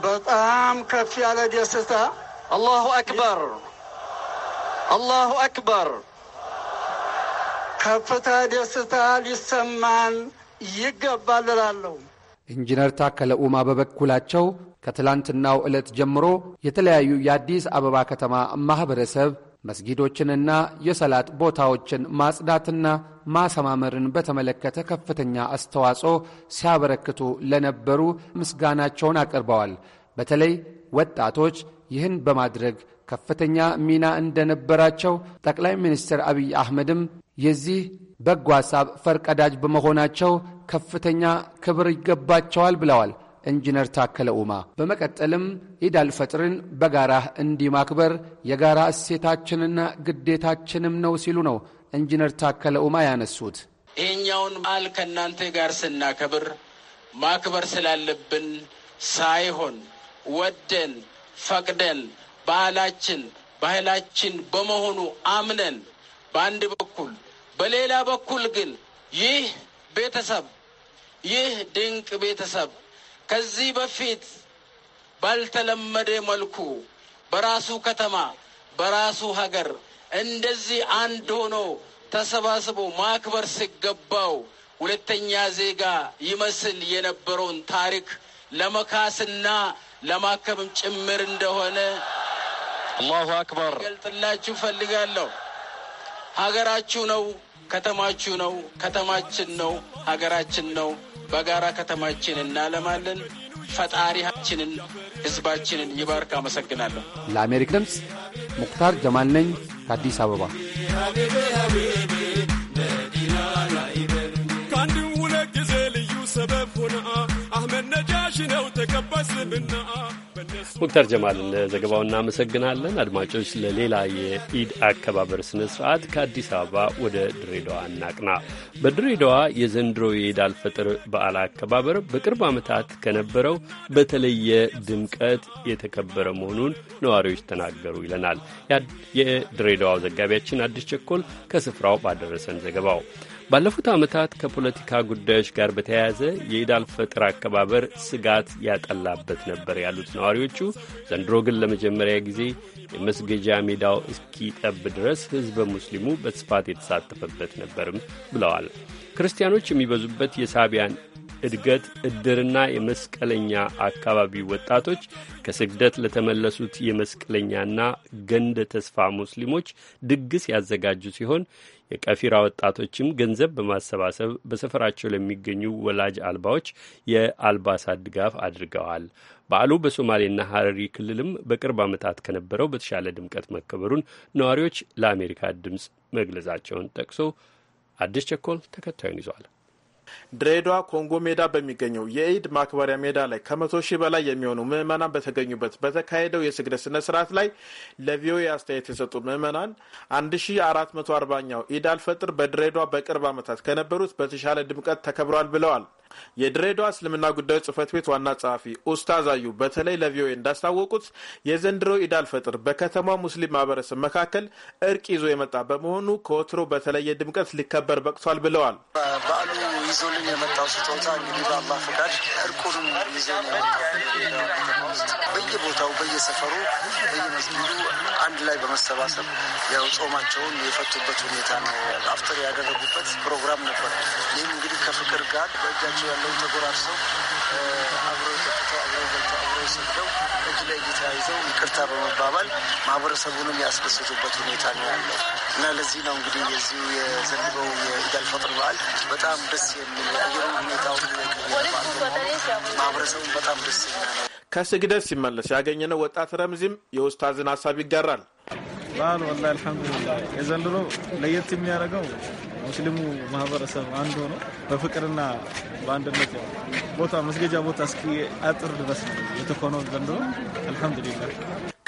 በጣም ከፍ ያለ ደስታ አላሁ አክበር አላሁ አክበር። ከፍታ ደስታ ሊሰማን ይገባል እላለሁ። ኢንጂነር ታከለ ኡማ በበኩላቸው ከትላንትናው ዕለት ጀምሮ የተለያዩ የአዲስ አበባ ከተማ ማኅበረሰብ መስጊዶችንና የሰላት ቦታዎችን ማጽዳትና ማሰማመርን በተመለከተ ከፍተኛ አስተዋጽኦ ሲያበረክቱ ለነበሩ ምስጋናቸውን አቅርበዋል። በተለይ ወጣቶች ይህን በማድረግ ከፍተኛ ሚና እንደነበራቸው ጠቅላይ ሚኒስትር አብይ አህመድም የዚህ በጎ ሐሳብ ፈርቀዳጅ በመሆናቸው ከፍተኛ ክብር ይገባቸዋል ብለዋል ኢንጂነር ታከለ ኡማ። በመቀጠልም ኢድ አልፈጥርን በጋራ እንዲማክበር የጋራ እሴታችንና ግዴታችንም ነው ሲሉ ነው ኢንጂነር ታከለ ኡማ ያነሱት። ይህኛውን በዓል ከእናንተ ጋር ስናከብር ማክበር ስላለብን ሳይሆን ወደን ፈቅደን ባህላችን ባህላችን በመሆኑ አምነን በአንድ በኩል በሌላ በኩል ግን ይህ ቤተሰብ ይህ ድንቅ ቤተሰብ ከዚህ በፊት ባልተለመደ መልኩ በራሱ ከተማ በራሱ ሀገር እንደዚህ አንድ ሆኖ ተሰባስቦ ማክበር ሲገባው ሁለተኛ ዜጋ ይመስል የነበረውን ታሪክ ለመካስና ለማከምም ጭምር እንደሆነ አላሁ አክበር ገልጥላችሁ ፈልጋለሁ። ሀገራችሁ ነው፣ ከተማችሁ ነው፣ ከተማችን ነው፣ ሀገራችን ነው። በጋራ ከተማችን እናለማለን። ፈጣሪችንን ህዝባችንን ይባርክ። አመሰግናለሁ። ለአሜሪካ ድምፅ ሙክታር ጀማል ነኝ ከአዲስ አበባ። ከአንድም ሁለት ጊዜ ልዩ ሰበብ ሆነ ዶክተር ጀማል ለዘገባው እናመሰግናለን። አድማጮች፣ ለሌላ የኢድ አከባበር ስነ ስርዓት ከአዲስ አበባ ወደ ድሬዳዋ እናቅና። በድሬዳዋ የዘንድሮ የኢድ አልፈጥር በዓል አከባበር በቅርብ ዓመታት ከነበረው በተለየ ድምቀት የተከበረ መሆኑን ነዋሪዎች ተናገሩ ይለናል የድሬዳዋ ዘጋቢያችን አዲስ ቸኮል ከስፍራው ባደረሰን ዘገባው ባለፉት ዓመታት ከፖለቲካ ጉዳዮች ጋር በተያያዘ የኢዳል ፈጥር አከባበር ስጋት ያጠላበት ነበር ያሉት ነዋሪዎቹ፣ ዘንድሮ ግን ለመጀመሪያ ጊዜ የመስገጃ ሜዳው እስኪጠብ ድረስ ሕዝበ ሙስሊሙ በስፋት የተሳተፈበት ነበርም ብለዋል። ክርስቲያኖች የሚበዙበት የሳቢያን እድገት እድርና የመስቀለኛ አካባቢ ወጣቶች ከስግደት ለተመለሱት የመስቀለኛና ገንደ ተስፋ ሙስሊሞች ድግስ ያዘጋጁ ሲሆን የቀፊራ ወጣቶችም ገንዘብ በማሰባሰብ በሰፈራቸው ለሚገኙ ወላጅ አልባዎች የአልባሳት ድጋፍ አድርገዋል። በዓሉ በሶማሌና ሀረሪ ክልልም በቅርብ ዓመታት ከነበረው በተሻለ ድምቀት መከበሩን ነዋሪዎች ለአሜሪካ ድምፅ መግለጻቸውን ጠቅሶ አዲስ ቸኮል ተከታዩን ይዟል። ድሬዳዋ ኮንጎ ሜዳ በሚገኘው የኢድ ማክበሪያ ሜዳ ላይ ከመቶ ሺህ በላይ የሚሆኑ ምዕመናን በተገኙበት በተካሄደው የስግደት ስነ ስርዓት ላይ ለቪኦኤ አስተያየት የሰጡ ምዕመናን መቶ አርባኛው ኢድ አልፈጥር በድሬዳዋ በቅርብ ዓመታት ከነበሩት በተሻለ ድምቀት ተከብሯል ብለዋል። የድሬዳዋ እስልምና ጉዳዮች ጽህፈት ቤት ዋና ጸሐፊ ኡስታዝ አዩ በተለይ ለቪኦኤ እንዳስታወቁት የዘንድሮ ኢድ አልፈጥር በከተማ ሙስሊም ማህበረሰብ መካከል እርቅ ይዞ የመጣ በመሆኑ ከወትሮ በተለየ ድምቀት ሊከበር በቅቷል ብለዋል። ይዞልን የመጣው ስጦታ እንግዲህ በአላ ፈቃድ እርቁን ይዞ በየቦታው በየሰፈሩ በየመስጊዱ አንድ ላይ በመሰባሰብ ያው ጾማቸውን የፈቱበት ሁኔታ ነው። አፍጥር ያደረጉበት ፕሮግራም ነበር። ይህም እንግዲህ ከፍቅር ጋር በእጃቸው ያለውን ተጎራርሰው አብሮ ጠጥተው አብሮ ሰግደው እጅ ለእጅ ተያይዘው ይቅርታ በመባባል ማህበረሰቡንም ያስደሰቱበት ሁኔታ ነው ያለው እና ለዚህ ነው እንግዲህ የዚሁ የዘንድሮው የኢዳል ፈጥር በዓል በጣም ደስ የሚል አየሩ ሁኔታው ማህበረሰቡን በጣም ደስ የሚል ከስግደት ሲመለስ ያገኘነው ወጣት ረምዚም የኡስታዝን ሀሳብ ይጋራል። በዓል ወላሂ አልሐምዱሊላህ የዘንድሮ ለየት የሚያደርገው ሙስሊሙ ማህበረሰብ አንድ ሆኖ በፍቅርና በአንድነት ቦታ መስገጃ ቦታ እስኪ አጥር ድረስ የተኮነው ዘንድሮ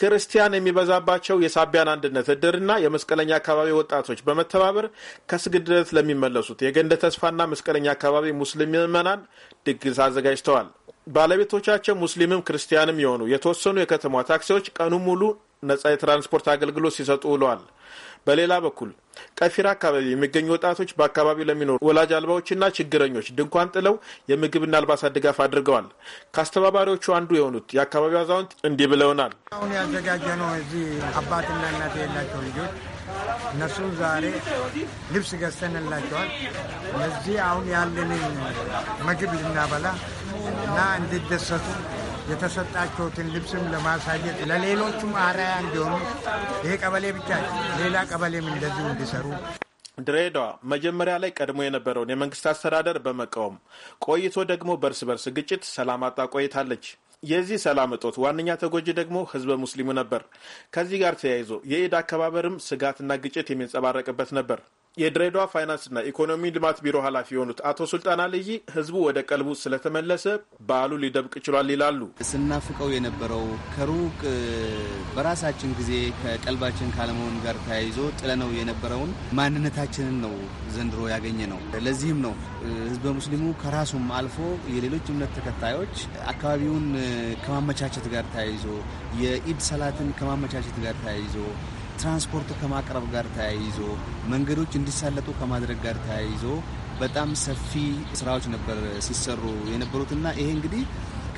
ክርስቲያን የሚበዛባቸው የሳቢያን አንድነት እድርና የመስቀለኛ አካባቢ ወጣቶች በመተባበር ከስግደት ለሚመለሱት የገንደ ተስፋና መስቀለኛ አካባቢ ሙስሊም ምዕመናን ድግስ አዘጋጅተዋል። ባለቤቶቻቸው ሙስሊምም ክርስቲያንም የሆኑ የተወሰኑ የከተማ ታክሲዎች ቀኑ ሙሉ ነጻ የትራንስፖርት አገልግሎት ሲሰጡ ውለዋል። በሌላ በኩል ቀፊራ አካባቢ የሚገኙ ወጣቶች በአካባቢው ለሚኖሩ ወላጅ አልባዎችና ችግረኞች ድንኳን ጥለው የምግብና አልባሳት ድጋፍ አድርገዋል። ከአስተባባሪዎቹ አንዱ የሆኑት የአካባቢው አዛውንት እንዲህ ብለውናል። አሁን ያዘጋጀ ነው እዚህ አባትና እናት የላቸው ልጆች እነሱ ዛሬ ልብስ ገዝተንላቸዋል። እነዚህ አሁን ያለንን ምግብ ልናበላ እና እንዲደሰቱ የተሰጣቸውትን ልብስም ለማሳየት ለሌሎቹም አርአያ እንዲሆኑ ይሄ ቀበሌ ብቻ ሌላ ቀበሌም እንደዚሁ እንዲሰሩ ድሬዳዋ መጀመሪያ ላይ ቀድሞ የነበረውን የመንግስት አስተዳደር በመቃወም ቆይቶ ደግሞ በእርስ በርስ ግጭት ሰላም አጣ ቆይታለች። የዚህ ሰላም እጦት ዋነኛ ተጎጂ ደግሞ ህዝበ ሙስሊሙ ነበር። ከዚህ ጋር ተያይዞ የኢድ አከባበርም ስጋትና ግጭት የሚንጸባረቅበት ነበር። የድሬዳዋ ፋይናንስና ኢኮኖሚ ልማት ቢሮ ኃላፊ የሆኑት አቶ ሱልጣን አልይ ህዝቡ ወደ ቀልቡ ስለተመለሰ በዓሉ ሊደብቅ ችሏል ይላሉ። ስናፍቀው የነበረው ከሩቅ በራሳችን ጊዜ ከቀልባችን ካለመሆን ጋር ተያይዞ ጥለነው የነበረውን ማንነታችንን ነው ዘንድሮ ያገኘ ነው። ለዚህም ነው ህዝበ ሙስሊሙ ከራሱም አልፎ የሌሎች እምነት ተከታዮች አካባቢውን ከማመቻቸት ጋር ተያይዞ የኢድ ሰላትን ከማመቻቸት ጋር ተያይዞ ትራንስፖርት ከማቅረብ ጋር ተያይዞ መንገዶች እንዲሳለጡ ከማድረግ ጋር ተያይዞ በጣም ሰፊ ስራዎች ነበር ሲሰሩ የነበሩትና ይሄ እንግዲህ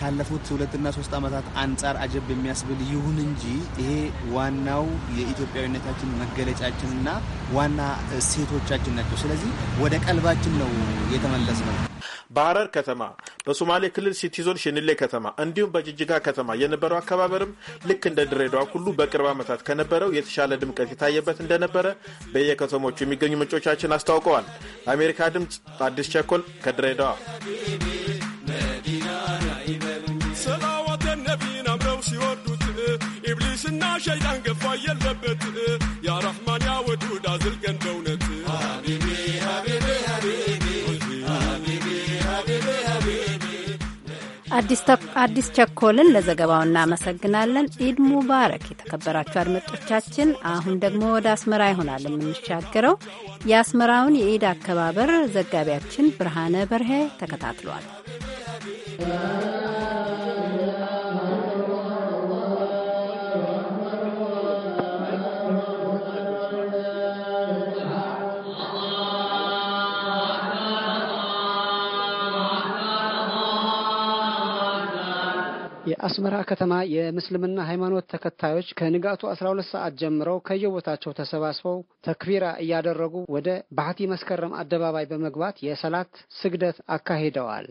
ካለፉት ሁለትና ሶስት ዓመታት አንጻር አጀብ የሚያስብል ይሁን እንጂ ይሄ ዋናው የኢትዮጵያዊነታችን መገለጫችንና ዋና እሴቶቻችን ናቸው። ስለዚህ ወደ ቀልባችን ነው የተመለስ ነው። በሀረር ከተማ፣ በሶማሌ ክልል ሲቲ ዞን ሽንሌ ከተማ እንዲሁም በጅጅጋ ከተማ የነበረው አከባበርም ልክ እንደ ድሬዳዋ ሁሉ በቅርብ ዓመታት ከነበረው የተሻለ ድምቀት የታየበት እንደነበረ በየከተሞቹ የሚገኙ ምንጮቻችን አስታውቀዋል። ለአሜሪካ ድምፅ አዲስ ቸኮል ከድሬዳዋ። ኢብሊስና ሸይጣን ገፋ የለበት ያ ረህማን ያ ወዱድ በእውነት አዲስ ቸኮልን ለዘገባው እናመሰግናለን። ኢድ ሙባረክ የተከበራችሁ አድማጮቻችን። አሁን ደግሞ ወደ አስመራ ይሆናል የምንሻገረው። የአስመራውን የኢድ አከባበር ዘጋቢያችን ብርሃነ በርሄ ተከታትሏል። የአስመራ ከተማ የምስልምና ሃይማኖት ተከታዮች ከንጋቱ 12 ሰዓት ጀምረው ከየቦታቸው ተሰባስበው ተክቢራ እያደረጉ ወደ ባህቲ መስከረም አደባባይ በመግባት የሰላት ስግደት አካሂደዋል።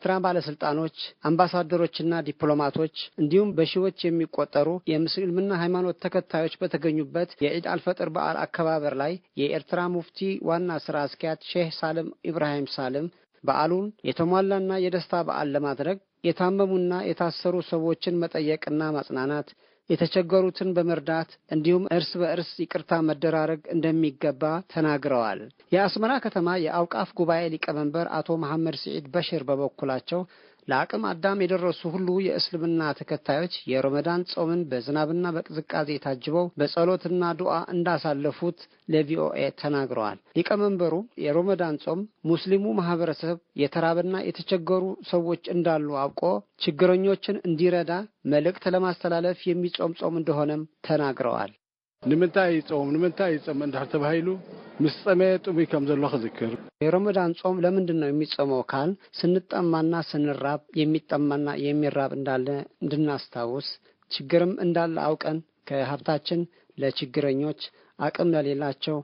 የኤርትራ ባለስልጣኖች፣ አምባሳደሮችና ዲፕሎማቶች እንዲሁም በሺዎች የሚቆጠሩ የምስልምና ሃይማኖት ተከታዮች በተገኙበት የኢድ አልፈጥር በዓል አከባበር ላይ የኤርትራ ሙፍቲ ዋና ስራ አስኪያጅ ሼህ ሳልም ኢብራሂም ሳልም በዓሉን የተሟላና የደስታ በዓል ለማድረግ የታመሙና የታሰሩ ሰዎችን መጠየቅና ማጽናናት የተቸገሩትን በመርዳት እንዲሁም እርስ በእርስ ይቅርታ መደራረግ እንደሚገባ ተናግረዋል። የአስመራ ከተማ የአውቃፍ ጉባኤ ሊቀመንበር አቶ መሐመድ ስዒድ በሽር በበኩላቸው ለአቅም አዳም የደረሱ ሁሉ የእስልምና ተከታዮች የረመዳን ጾምን በዝናብና በቅዝቃዜ ታጅበው በጸሎትና ዱዓ እንዳሳለፉት ለቪኦኤ ተናግረዋል። ሊቀመንበሩ የረመዳን ጾም ሙስሊሙ ማህበረሰብ የተራበና የተቸገሩ ሰዎች እንዳሉ አውቆ ችግረኞችን እንዲረዳ መልእክት ለማስተላለፍ የሚጾም ጾም እንደሆነም ተናግረዋል። ንምንታይ ይፀውም ንምንታይ ይፀም እንዳር ተባሂሉ ምስ ፀመየ ጥሙይ ከም ዘሎ ክዝክር የረመዳን ጾም ለምንድን ነው የሚጸመው ካል ስንጠማና ስንራብ የሚጠማና የሚራብ እንዳለ እንድናስታውስ ችግርም እንዳለ አውቀን ከሀብታችን ለችግረኞች አቅም ለሌላቸው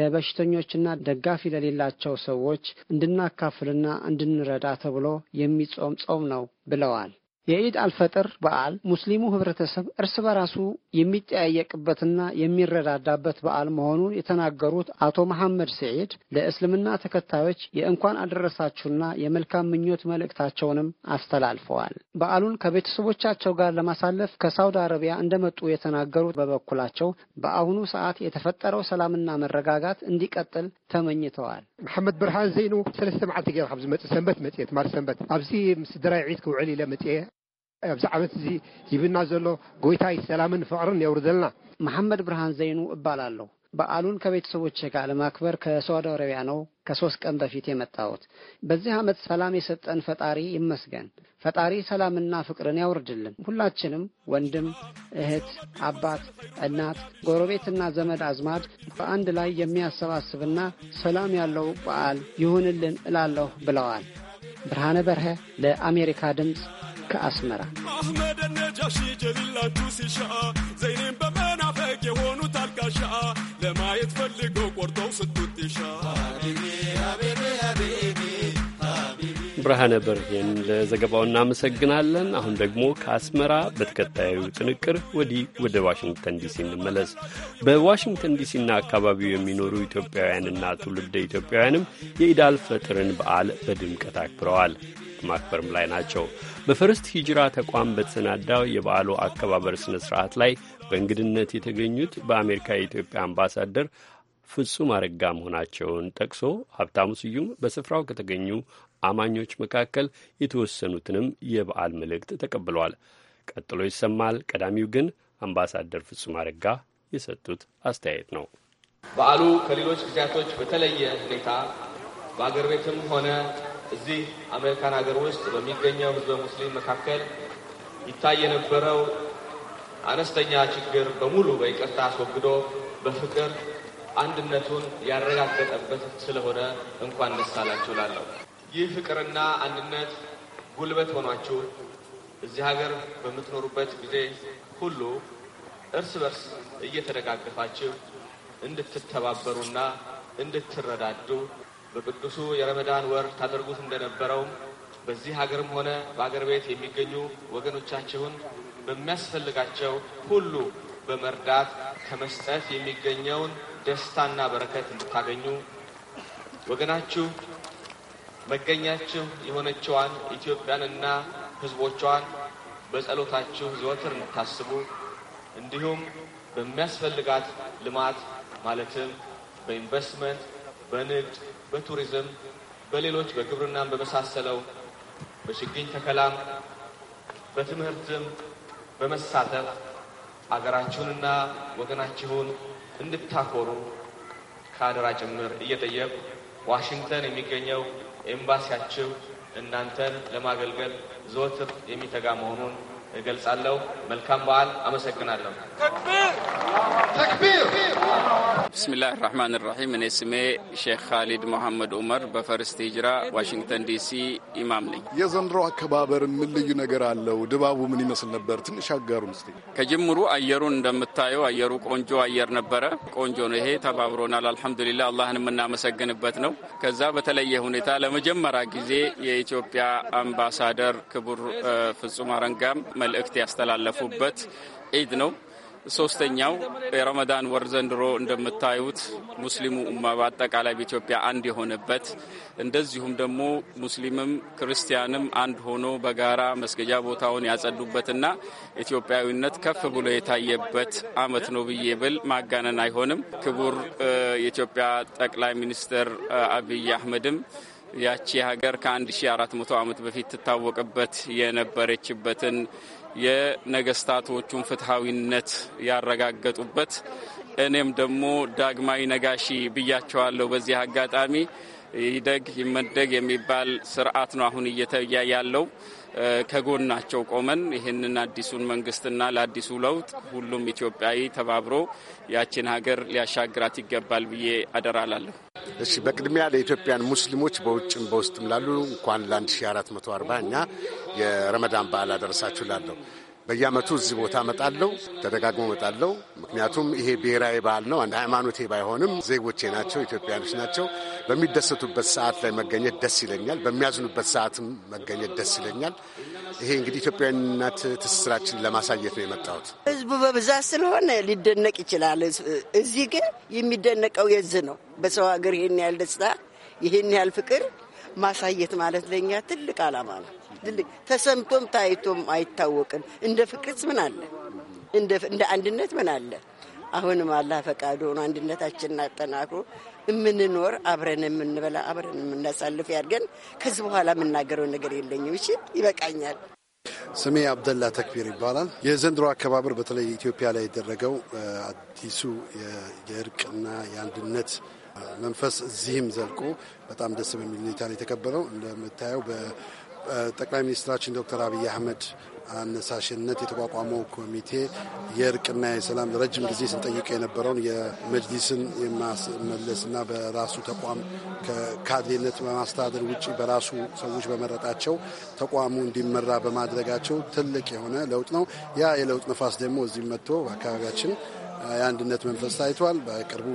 ለበሽተኞችና ደጋፊ ለሌላቸው ሰዎች እንድናካፍልና እንድንረዳ ተብሎ የሚጾም ጾም ነው ብለዋል። የኢድ አልፈጥር በዓል ሙስሊሙ ህብረተሰብ እርስ በራሱ የሚጠያየቅበትና የሚረዳዳበት በዓል መሆኑን የተናገሩት አቶ መሐመድ ስዒድ ለእስልምና ተከታዮች የእንኳን አደረሳችሁና የመልካም ምኞት መልእክታቸውንም አስተላልፈዋል። በዓሉን ከቤተሰቦቻቸው ጋር ለማሳለፍ ከሳውዲ አረቢያ እንደመጡ የተናገሩት በበኩላቸው በአሁኑ ሰዓት የተፈጠረው ሰላምና መረጋጋት እንዲቀጥል ተመኝተዋል። መሐመድ ብርሃን ዘይኑ ሰለስተ መዓልቲ ገይረ ካብ ዝመፅእ ሰንበት መፅት ማለት ሰንበት ኣብዚ ምስ ድራይ ዒድ ክውዕል ኢለ መፅአ ኣብዚ ዓመት እዚ ሂብና ዘሎ ጎይታይ ሰላምን ፍቅርን የውር ዘለና መሓመድ ብርሃን ዘይኑ እባላለሁ። በዓሉን ከቤተሰቦች ጋር ለማክበር ከሳውዲ አረቢያ ነው ከሶስት ቀን በፊት የመጣሁት። በዚህ ዓመት ሰላም የሰጠን ፈጣሪ ይመስገን። ፈጣሪ ሰላምና ፍቅርን ያውርድልን። ሁላችንም ወንድም፣ እህት፣ አባት፣ እናት፣ ጎረቤትና ዘመድ አዝማድ በአንድ ላይ የሚያሰባስብና ሰላም ያለው በዓል ይሁንልን እላለሁ ብለዋል። ብርሃነ በርሀ ለአሜሪካ ድምፅ ከአስመራ አህመድ ነጃሺ ጀሊላቱ ሲሻ በመናፈቅ የሆኑት አልቃሻ ለማየት ፈልገው ቆርጠው ስጡት ብርሃነ በርሄን ለዘገባው እናመሰግናለን። አሁን ደግሞ ከአስመራ በተከታዩ ጥንቅር ወዲህ ወደ ዋሽንግተን ዲሲ እንመለስ። በዋሽንግተን ዲሲና አካባቢው የሚኖሩ ኢትዮጵያውያንና ትውልደ ኢትዮጵያውያንም የኢዳል ፈጥርን በዓል በድምቀት አክብረዋል። ማክበርም ላይ ናቸው። በፈርስት ሂጅራ ተቋም በተሰናዳው የበዓሉ አከባበር ስነ ስርዓት ላይ በእንግድነት የተገኙት በአሜሪካ የኢትዮጵያ አምባሳደር ፍጹም አረጋ መሆናቸውን ጠቅሶ ሀብታሙ ስዩም በስፍራው ከተገኙ አማኞች መካከል የተወሰኑትንም የበዓል መልእክት ተቀብሏል። ቀጥሎ ይሰማል። ቀዳሚው ግን አምባሳደር ፍጹም አረጋ የሰጡት አስተያየት ነው። በዓሉ ከሌሎች ጊዜያቶች በተለየ ሁኔታ በአገር ቤትም ሆነ እዚህ አሜሪካን ሀገር ውስጥ በሚገኘው ህዝበ ሙስሊም መካከል ይታይ የነበረው አነስተኛ ችግር በሙሉ በይቅርታ አስወግዶ በፍቅር አንድነቱን ያረጋገጠበት ስለሆነ እንኳን ደስ አላችሁ ላለሁ። ይህ ፍቅርና አንድነት ጉልበት ሆኗችሁ እዚህ ሀገር በምትኖሩበት ጊዜ ሁሉ እርስ በርስ እየተደጋገፋችሁ እንድትተባበሩና እንድትረዳዱ በቅዱሱ የረመዳን ወር ታደርጉት እንደነበረውም በዚህ ሀገርም ሆነ በአገር ቤት የሚገኙ ወገኖቻችሁን በሚያስፈልጋቸው ሁሉ በመርዳት ከመስጠት የሚገኘውን ደስታና በረከት እንድታገኙ ወገናችሁ መገኛችሁ የሆነችዋን ኢትዮጵያንና ሕዝቦቿን በጸሎታችሁ ዘወትር እንድታስቡ እንዲሁም በሚያስፈልጋት ልማት ማለትም በኢንቨስትመንት፣ በንግድ በቱሪዝም፣ በሌሎች በግብርናም በመሳሰለው በችግኝ ተከላም በትምህርትም በመሳተፍ አገራችሁንና ወገናችሁን እንድታኮሩ ከአደራ ጭምር እየጠየቁ ዋሽንግተን የሚገኘው ኤምባሲያችሁ እናንተን ለማገልገል ዘወትር የሚተጋ መሆኑን እገልጻለሁ። መልካም በዓል። አመሰግናለሁ። ተክቢር። ብስሚላህ ራሕማን ራሒም። እኔ ስሜ ሼክ ካሊድ መሐመድ ዑመር በፈርስት ሂጅራ ዋሽንግተን ዲሲ ኢማም ነኝ። የዘንድሮ አከባበር ምን ልዩ ነገር አለው? ድባቡ ምን ይመስል ነበር? ትንሽ አጋሩን እስኪ። ከጅምሩ አየሩን እንደምታየው አየሩ ቆንጆ አየር ነበረ። ቆንጆ ነው። ይሄ ተባብሮናል። አልሐምዱሊላህ አላህን የምናመሰግንበት ነው። ከዛ በተለየ ሁኔታ ለመጀመሪያ ጊዜ የኢትዮጵያ አምባሳደር ክቡር ፍጹም አረንጋም መልእክት ያስተላለፉበት ኢድ ነው። ሶስተኛው የረመዳን ወር ዘንድሮ እንደምታዩት ሙስሊሙ ኡማ በአጠቃላይ በኢትዮጵያ አንድ የሆነበት እንደዚሁም ደግሞ ሙስሊምም ክርስቲያንም አንድ ሆኖ በጋራ መስገጃ ቦታውን ያጸዱበትና ኢትዮጵያዊነት ከፍ ብሎ የታየበት ዓመት ነው ብዬ ብል ማጋነን አይሆንም። ክቡር የኢትዮጵያ ጠቅላይ ሚኒስትር አብይ አህመድም ያቺ ሀገር ከ1400 ዓመት በፊት ትታወቅበት የነበረችበትን የነገስታቶቹን ፍትሐዊነት ያረጋገጡበት እኔም ደግሞ ዳግማዊ ነጋሺ ብያቸዋለሁ። በዚህ አጋጣሚ ይደግ ይመደግ የሚባል ስርዓት ነው አሁን እየተያ ያለው። ከጎናቸው ቆመን ይህንን አዲሱን መንግስትና ለአዲሱ ለውጥ ሁሉም ኢትዮጵያዊ ተባብሮ ያችን ሀገር ሊያሻግራት ይገባል ብዬ አደራላለሁ። እሺ፣ በቅድሚያ ለኢትዮጵያን ሙስሊሞች በውጭም በውስጥም ላሉ እንኳን ለ 1440 እኛ የረመዳን በዓል አደረሳችሁ ላለሁ በየዓመቱ እዚህ ቦታ መጣለው፣ ተደጋግሞ መጣለው። ምክንያቱም ይሄ ብሔራዊ በዓል ነው። አንድ ሃይማኖቴ ባይሆንም ዜጎቼ ናቸው፣ ኢትዮጵያኖች ናቸው። በሚደሰቱበት ሰዓት ላይ መገኘት ደስ ይለኛል። በሚያዝኑበት ሰዓትም መገኘት ደስ ይለኛል። ይሄ እንግዲህ ኢትዮጵያዊነት ትስስራችን ለማሳየት ነው የመጣሁት። ህዝቡ በብዛት ስለሆነ ሊደነቅ ይችላል። እዚህ ግን የሚደነቀው የዝ ነው። በሰው ሀገር ይሄን ያህል ደስታ፣ ይህን ያህል ፍቅር ማሳየት ማለት ለእኛ ትልቅ ዓላማ ነው። ድል ተሰምቶም ታይቶም አይታወቅም። እንደ ፍቅርስ ምን አለ? እንደ አንድነት ምን አለ? አሁንም አላህ ፈቃዱ ሆኖ አንድነታችንን አጠናክሮ የምንኖር አብረን የምንበላ አብረን የምናሳልፍ ያድርገን። ከዚህ በኋላ የምናገረው ነገር የለኝም። እሺ ይበቃኛል። ስሜ አብደላ ተክቢር ይባላል። የዘንድሮ አከባበር በተለይ ኢትዮጵያ ላይ የደረገው አዲሱ የእርቅና የአንድነት መንፈስ እዚህም ዘልቆ በጣም ደስ በሚል ሁኔታ ነው የተከበረው። እንደምታየው ጠቅላይ ሚኒስትራችን ዶክተር አብይ አህመድ አነሳሽነት የተቋቋመው ኮሚቴ የእርቅና የሰላም ረጅም ጊዜ ስንጠይቅ የነበረውን የመጅሊስን የማስመለስና በራሱ ተቋም ከካድሬነት በማስተዳደር ውጭ በራሱ ሰዎች በመረጣቸው ተቋሙ እንዲመራ በማድረጋቸው ትልቅ የሆነ ለውጥ ነው። ያ የለውጥ ነፋስ ደግሞ እዚህ መጥቶ በአካባቢያችን የአንድነት መንፈስ ታይቷል። በቅርቡ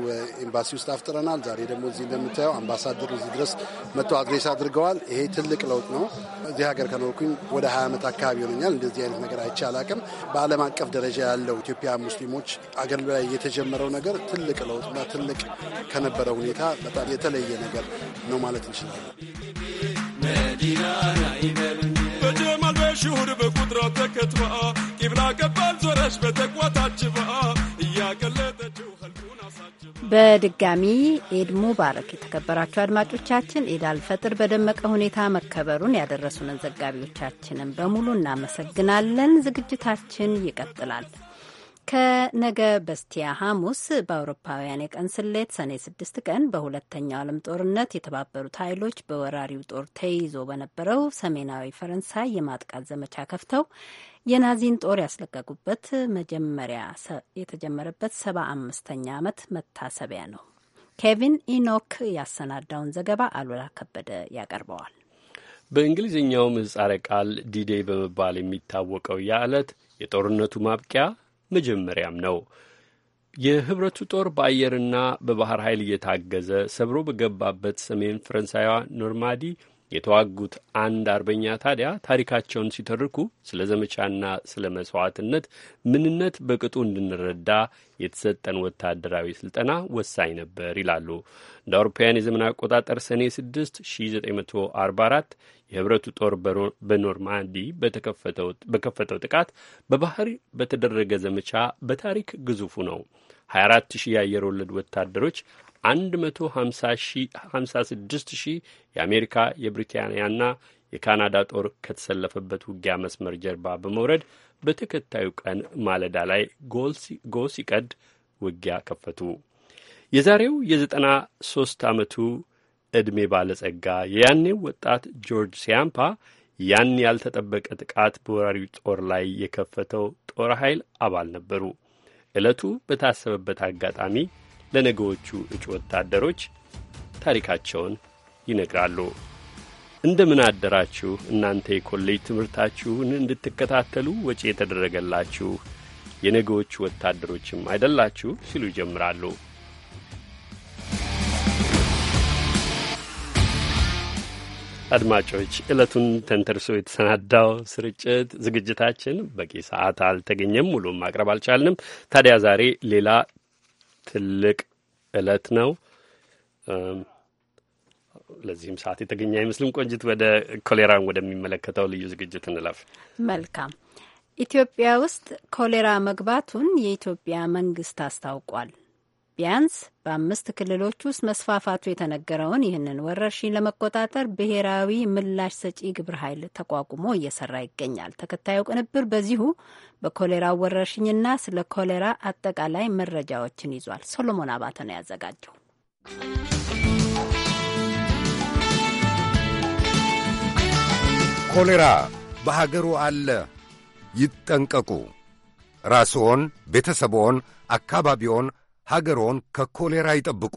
ኤምባሲ ውስጥ አፍጥረናል። ዛሬ ደግሞ እዚህ እንደምታየው አምባሳደር እዚህ ድረስ መጥተው አድሬስ አድርገዋል። ይሄ ትልቅ ለውጥ ነው። እዚህ ሀገር ከኖርኩኝ ወደ 20 ዓመት አካባቢ ይሆነኛል። እንደዚህ አይነት ነገር አይቼ አላቅም። በዓለም አቀፍ ደረጃ ያለው ኢትዮጵያ ሙስሊሞች አገር ላይ የተጀመረው ነገር ትልቅ ለውጥና ትልቅ ከነበረ ሁኔታ በጣም የተለየ ነገር ነው ማለት እንችላለን። በጀማል በሽሁር በቁጥራት ቂብላ ገባል ዞረሽ በተቋታችበአ በድጋሚ ኤድ ሙባረክ። የተከበራችሁ አድማጮቻችን ኤድ አልፈጥር በደመቀ ሁኔታ መከበሩን ያደረሱንን ዘጋቢዎቻችንን በሙሉ እናመሰግናለን። ዝግጅታችን ይቀጥላል። ከነገ በስቲያ ሐሙስ በአውሮፓውያን የቀን ስሌት ሰኔ ስድስት ቀን በሁለተኛው ዓለም ጦርነት የተባበሩት ኃይሎች በወራሪው ጦር ተይዞ በነበረው ሰሜናዊ ፈረንሳይ የማጥቃት ዘመቻ ከፍተው የናዚን ጦር ያስለቀቁበት መጀመሪያ የተጀመረበት ሰባ አምስተኛ ዓመት መታሰቢያ ነው። ኬቪን ኢኖክ ያሰናዳውን ዘገባ አሉላ ከበደ ያቀርበዋል። በእንግሊዝኛው ምህጻረ ቃል ዲዴይ በመባል የሚታወቀው ያ ዕለት የጦርነቱ ማብቂያ መጀመሪያም ነው። የህብረቱ ጦር በአየርና በባህር ኃይል እየታገዘ ሰብሮ በገባበት ሰሜን ፈረንሳይዋ ኖርማዲ የተዋጉት አንድ አርበኛ ታዲያ ታሪካቸውን ሲተርኩ ስለ ዘመቻና ስለ መስዋዕትነት ምንነት በቅጡ እንድንረዳ የተሰጠን ወታደራዊ ስልጠና ወሳኝ ነበር ይላሉ። እንደ አውሮፓውያን የዘመን አቆጣጠር ሰኔ 6 1944 የህብረቱ ጦር በኖርማንዲ በከፈተው ጥቃት በባህር በተደረገ ዘመቻ በታሪክ ግዙፉ ነው። 24 ሺህ የአየር ወለድ ወታደሮች 156,000 ሺህ የአሜሪካ የብሪታንያና የካናዳ ጦር ከተሰለፈበት ውጊያ መስመር ጀርባ በመውረድ በተከታዩ ቀን ማለዳ ላይ ጎ ሲቀድ ውጊያ ከፈቱ። የዛሬው የዘጠና ሶስት ዓመቱ ዕድሜ ባለጸጋ የያኔው ወጣት ጆርጅ ሲያምፓ ያን ያልተጠበቀ ጥቃት በወራሪው ጦር ላይ የከፈተው ጦር ኃይል አባል ነበሩ። ዕለቱ በታሰበበት አጋጣሚ ለነገዎቹ እጩ ወታደሮች ታሪካቸውን ይነግራሉ። እንደምን አደራችሁ እናንተ የኮሌጅ ትምህርታችሁን እንድትከታተሉ ወጪ የተደረገላችሁ የነገዎቹ ወታደሮችም አይደላችሁ ሲሉ ይጀምራሉ። አድማጮች ዕለቱን ተንተርሶ የተሰናዳው ስርጭት ዝግጅታችን በቂ ሰዓት አልተገኘም፣ ሙሉም ማቅረብ አልቻልንም። ታዲያ ዛሬ ሌላ ትልቅ ዕለት ነው። ለዚህም ሰዓት የተገኘ አይመስልም። ቆንጅት፣ ወደ ኮሌራን ወደሚመለከተው ልዩ ዝግጅት እንለፍ። መልካም። ኢትዮጵያ ውስጥ ኮሌራ መግባቱን የኢትዮጵያ መንግስት አስታውቋል። ቢያንስ በአምስት ክልሎች ውስጥ መስፋፋቱ የተነገረውን ይህንን ወረርሽኝ ለመቆጣጠር ብሔራዊ ምላሽ ሰጪ ግብረ ኃይል ተቋቁሞ እየሰራ ይገኛል። ተከታዩ ቅንብር በዚሁ በኮሌራ ወረርሽኝና ስለ ኮሌራ አጠቃላይ መረጃዎችን ይዟል። ሶሎሞን አባተ ነው ያዘጋጀው። ኮሌራ በሀገሩ አለ፣ ይጠንቀቁ። ራስዎን፣ ቤተሰብዎን፣ አካባቢዎን ሀገሮን ከኮሌራ ይጠብቁ።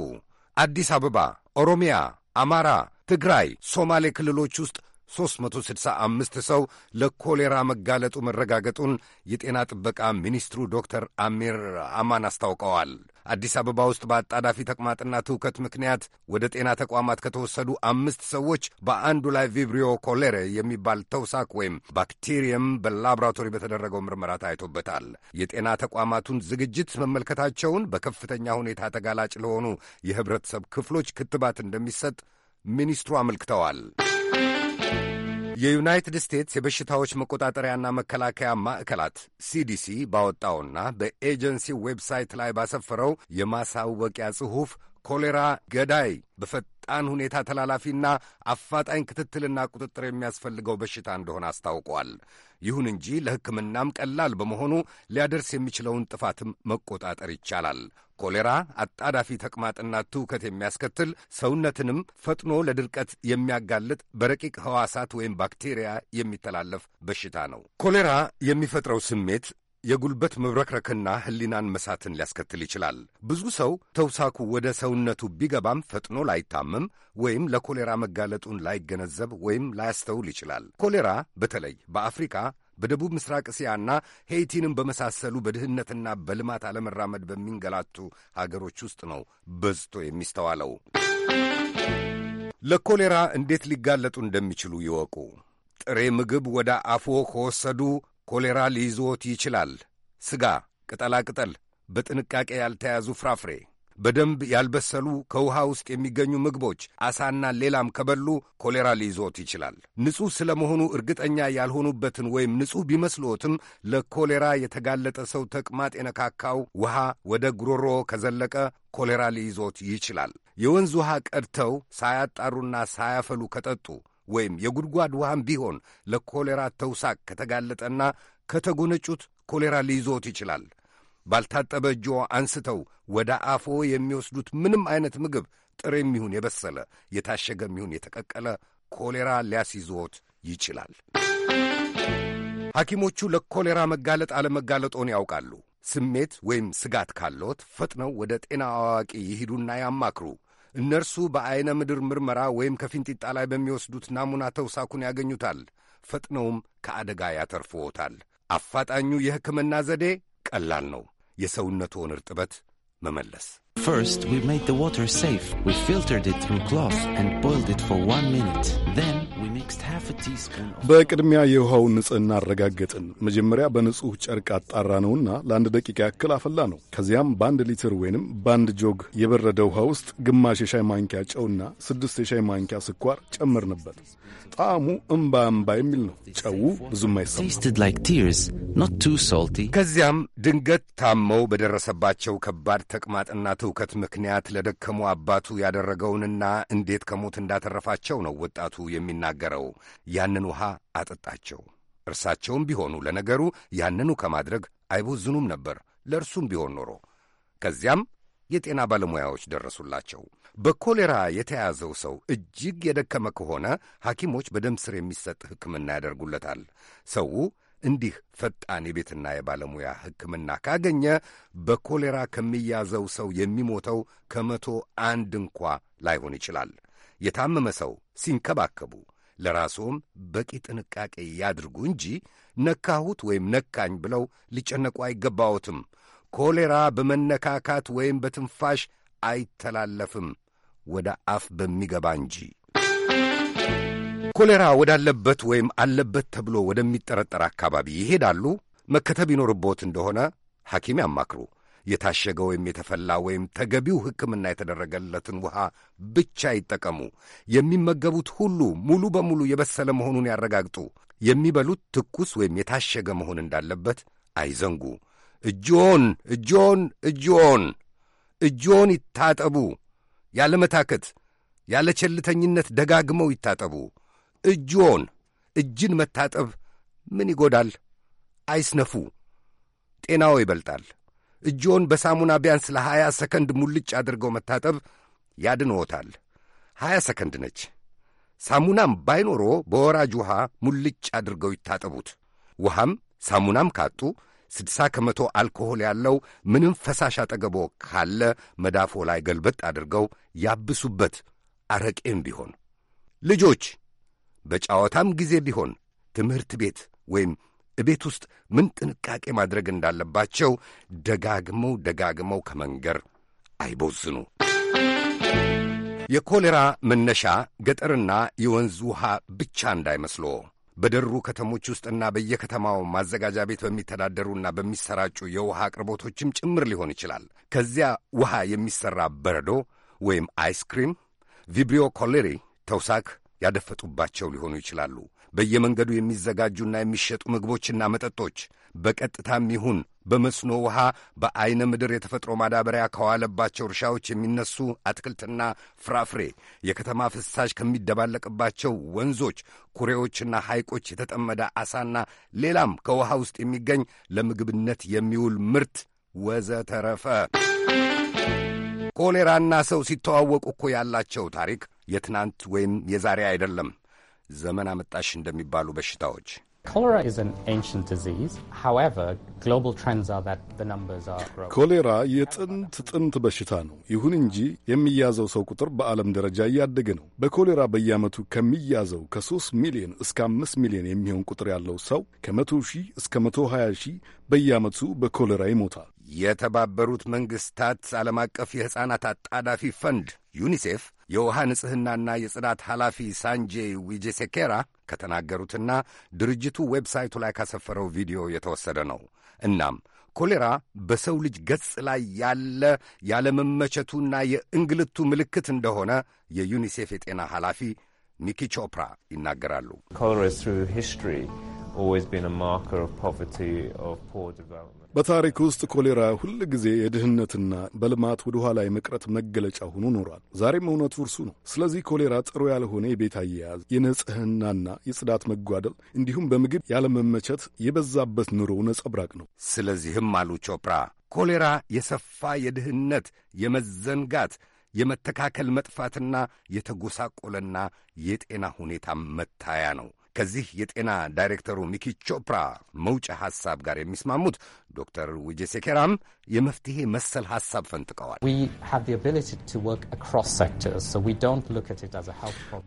አዲስ አበባ፣ ኦሮሚያ፣ አማራ፣ ትግራይ፣ ሶማሌ ክልሎች ውስጥ 365 ሰው ለኮሌራ መጋለጡ መረጋገጡን የጤና ጥበቃ ሚኒስትሩ ዶክተር አሚር አማን አስታውቀዋል። አዲስ አበባ ውስጥ በአጣዳፊ ተቅማጥና ትውከት ምክንያት ወደ ጤና ተቋማት ከተወሰዱ አምስት ሰዎች በአንዱ ላይ ቪብሪዮ ኮሌሬ የሚባል ተውሳክ ወይም ባክቴሪየም በላቦራቶሪ በተደረገው ምርመራ ታይቶበታል። የጤና ተቋማቱን ዝግጅት መመልከታቸውን፣ በከፍተኛ ሁኔታ ተጋላጭ ለሆኑ የህብረተሰብ ክፍሎች ክትባት እንደሚሰጥ ሚኒስትሩ አመልክተዋል። የዩናይትድ ስቴትስ የበሽታዎች መቆጣጠሪያና መከላከያ ማዕከላት ሲዲሲ ባወጣውና በኤጀንሲ ዌብሳይት ላይ ባሰፈረው የማሳወቂያ ጽሑፍ ኮሌራ ገዳይ በፈጣን ሁኔታ ተላላፊና አፋጣኝ ክትትልና ቁጥጥር የሚያስፈልገው በሽታ እንደሆነ አስታውቋል። ይሁን እንጂ ለሕክምናም ቀላል በመሆኑ ሊያደርስ የሚችለውን ጥፋትም መቆጣጠር ይቻላል። ኮሌራ አጣዳፊ ተቅማጥና ትውከት የሚያስከትል ሰውነትንም ፈጥኖ ለድርቀት የሚያጋልጥ በረቂቅ ሕዋሳት ወይም ባክቴሪያ የሚተላለፍ በሽታ ነው። ኮሌራ የሚፈጥረው ስሜት የጉልበት መብረክረክና ሕሊናን መሳትን ሊያስከትል ይችላል። ብዙ ሰው ተውሳኩ ወደ ሰውነቱ ቢገባም ፈጥኖ ላይታመም ወይም ለኮሌራ መጋለጡን ላይገነዘብ ወይም ላያስተውል ይችላል። ኮሌራ በተለይ በአፍሪካ በደቡብ ምስራቅ እስያና ሄይቲንም በመሳሰሉ በድህነትና በልማት አለመራመድ በሚንገላቱ ሀገሮች ውስጥ ነው በዝቶ የሚስተዋለው። ለኮሌራ እንዴት ሊጋለጡ እንደሚችሉ ይወቁ። ጥሬ ምግብ ወደ አፎ ከወሰዱ ኮሌራ ሊይዝዎት ይችላል። ሥጋ፣ ቅጠላቅጠል፣ በጥንቃቄ ያልተያዙ ፍራፍሬ፣ በደንብ ያልበሰሉ ከውሃ ውስጥ የሚገኙ ምግቦች፣ አሳና ሌላም ከበሉ ኮሌራ ሊይዝዎት ይችላል። ንጹሕ ስለ መሆኑ እርግጠኛ ያልሆኑበትን ወይም ንጹሕ ቢመስልዎትም ለኮሌራ የተጋለጠ ሰው ተቅማጥ የነካካው ውሃ ወደ ጉሮሮ ከዘለቀ ኮሌራ ሊይዞት ይችላል። የወንዝ ውሃ ቀድተው ሳያጣሩና ሳያፈሉ ከጠጡ ወይም የጉድጓድ ውሃም ቢሆን ለኮሌራ ተውሳክ ከተጋለጠና ከተጎነጩት ኮሌራ ሊይዞት ይችላል። ባልታጠበ እጅዎ አንስተው ወደ አፎ የሚወስዱት ምንም አይነት ምግብ ጥሬ ይሁን የበሰለ የታሸገ ይሁን የተቀቀለ ኮሌራ ሊያስይዞት ይችላል። ሐኪሞቹ ለኮሌራ መጋለጥ አለመጋለጦን ያውቃሉ። ስሜት ወይም ስጋት ካለዎት ፈጥነው ወደ ጤና አዋቂ ይሂዱና ያማክሩ። እነርሱ በአይነ ምድር ምርመራ ወይም ከፊንጢጣ ላይ በሚወስዱት ናሙና ተውሳኩን ያገኙታል። ፈጥነውም ከአደጋ ያተርፍዎታል። አፋጣኙ የሕክምና ዘዴ ቀላል ነው። የሰውነትዎን እርጥበት መመለስ First, we made the water safe. We filtered it through cloth and boiled it for one minute. Then we mixed half a teaspoon of... በቅድሚያ የውሃውን ንጽህና አረጋገጥን። መጀመሪያ በንጹህ ጨርቅ አጣራ ነውና ለአንድ ደቂቃ ያክል አፈላ ነው። ከዚያም በአንድ ሊትር ወይንም በአንድ ጆግ የበረደ ውሃ ውስጥ ግማሽ የሻይ ማንኪያ ጨውና ስድስት የሻይ ማንኪያ ስኳር ጨመርንበት። ጣዕሙ እምባ እምባ የሚል ነው። ጨው ብዙም አይሰማም። ከዚያም ድንገት ታመው በደረሰባቸው ከባድ ተቅማጥና ሁከት ምክንያት ለደከሙ አባቱ ያደረገውንና እንዴት ከሞት እንዳተረፋቸው ነው ወጣቱ የሚናገረው። ያንን ውሃ አጠጣቸው። እርሳቸውም ቢሆኑ ለነገሩ ያንኑ ከማድረግ አይቦዝኑም ነበር፣ ለእርሱም ቢሆን ኖሮ። ከዚያም የጤና ባለሙያዎች ደረሱላቸው። በኮሌራ የተያዘው ሰው እጅግ የደከመ ከሆነ ሐኪሞች በደም ስር የሚሰጥ ሕክምና ያደርጉለታል። ሰው እንዲህ ፈጣን የቤትና የባለሙያ ሕክምና ካገኘ በኮሌራ ከሚያዘው ሰው የሚሞተው ከመቶ አንድ እንኳ ላይሆን ይችላል። የታመመ ሰው ሲንከባከቡ ለራስዎም በቂ ጥንቃቄ ያድርጉ እንጂ ነካሁት ወይም ነካኝ ብለው ሊጨነቁ አይገባዎትም። ኮሌራ በመነካካት ወይም በትንፋሽ አይተላለፍም፣ ወደ አፍ በሚገባ እንጂ። ኮሌራ ወዳለበት ወይም አለበት ተብሎ ወደሚጠረጠር አካባቢ ይሄዳሉ። መከተብ ይኖርቦት እንደሆነ ሐኪም ያማክሩ። የታሸገ ወይም የተፈላ ወይም ተገቢው ሕክምና የተደረገለትን ውሃ ብቻ ይጠቀሙ። የሚመገቡት ሁሉ ሙሉ በሙሉ የበሰለ መሆኑን ያረጋግጡ። የሚበሉት ትኩስ ወይም የታሸገ መሆን እንዳለበት አይዘንጉ። እጆን እጆን እጆን እጆን ይታጠቡ። ያለ መታከት፣ ያለ ቸልተኝነት ደጋግመው ይታጠቡ። እጅዎን እጅን መታጠብ ምን ይጎዳል? አይስነፉ፣ ጤናዎ ይበልጣል። እጅዎን በሳሙና ቢያንስ ለሀያ ሰከንድ ሙልጭ አድርገው መታጠብ ያድንዎታል። ሀያ ሰከንድ ነች። ሳሙናም ባይኖሮ በወራጅ ውሃ ሙልጭ አድርገው ይታጠቡት። ውሃም ሳሙናም ካጡ ስድሳ ከመቶ አልኮሆል ያለው ምንም ፈሳሽ አጠገቦ ካለ መዳፎ ላይ ገልበጥ አድርገው ያብሱበት፣ አረቄም ቢሆን ልጆች በጨዋታም ጊዜ ቢሆን ትምህርት ቤት ወይም ቤት ውስጥ ምን ጥንቃቄ ማድረግ እንዳለባቸው ደጋግመው ደጋግመው ከመንገር አይቦዝኑ። የኮሌራ መነሻ ገጠርና የወንዝ ውሃ ብቻ እንዳይመስሎ በደሩ ከተሞች ውስጥና በየከተማው ማዘጋጃ ቤት በሚተዳደሩና በሚሰራጩ የውሃ አቅርቦቶችም ጭምር ሊሆን ይችላል። ከዚያ ውሃ የሚሠራ በረዶ ወይም አይስክሪም፣ ቪብሪዮ ኮሌሪ፣ ተውሳክ ያደፈጡባቸው ሊሆኑ ይችላሉ። በየመንገዱ የሚዘጋጁና የሚሸጡ ምግቦችና መጠጦች በቀጥታም ይሁን በመስኖ ውሃ በአይነ ምድር የተፈጥሮ ማዳበሪያ ከዋለባቸው እርሻዎች የሚነሱ አትክልትና ፍራፍሬ፣ የከተማ ፍሳሽ ከሚደባለቅባቸው ወንዞች፣ ኩሬዎችና ሐይቆች የተጠመደ አሳና ሌላም ከውሃ ውስጥ የሚገኝ ለምግብነት የሚውል ምርት ወዘተረፈ። ኮሌራና ሰው ሲተዋወቁ እኮ ያላቸው ታሪክ የትናንት ወይም የዛሬ አይደለም፣ ዘመን አመጣሽ እንደሚባሉ በሽታዎች ኮሌራ የጥንት ጥንት በሽታ ነው። ይሁን እንጂ የሚያዘው ሰው ቁጥር በዓለም ደረጃ እያደገ ነው። በኮሌራ በየዓመቱ ከሚያዘው ከ3 ሚሊዮን እስከ 5 ሚሊዮን የሚሆን ቁጥር ያለው ሰው ከ 10 ሺህ እስከ 120 ሺህ በየዓመቱ በኮሌራ ይሞታል። የተባበሩት መንግሥታት ዓለም አቀፍ የሕፃናት አጣዳፊ ፈንድ ዩኒሴፍ የውሃ ንጽሕናና የጽዳት ኃላፊ ሳንጄ ዊጄሴኬራ ከተናገሩትና ድርጅቱ ዌብሳይቱ ላይ ካሰፈረው ቪዲዮ የተወሰደ ነው። እናም ኮሌራ በሰው ልጅ ገጽ ላይ ያለ ያለመመቸቱና የእንግልቱ ምልክት እንደሆነ የዩኒሴፍ የጤና ኃላፊ ኒኪ ቾፕራ ይናገራሉ። በታሪክ ውስጥ ኮሌራ ሁል ጊዜ የድህነትና በልማት ወደ ኋላ የመቅረት መገለጫ ሆኖ ኖሯል። ዛሬም እውነቱ እርሱ ነው። ስለዚህ ኮሌራ ጥሩ ያልሆነ የቤት አያያዝ፣ የንጽህናና የጽዳት መጓደል እንዲሁም በምግብ ያለመመቸት የበዛበት ኑሮ ነጸብራቅ ነው። ስለዚህም አሉ ቾፕራ ኮሌራ የሰፋ የድህነት የመዘንጋት የመተካከል መጥፋትና የተጎሳቆለና የጤና ሁኔታ መታያ ነው። ከዚህ የጤና ዳይሬክተሩ ሚኪ ቾፕራ መውጫ ሐሳብ ጋር የሚስማሙት ዶክተር ውጄ ሴኬራም የመፍትሄ መሰል ሐሳብ ፈንጥቀዋል።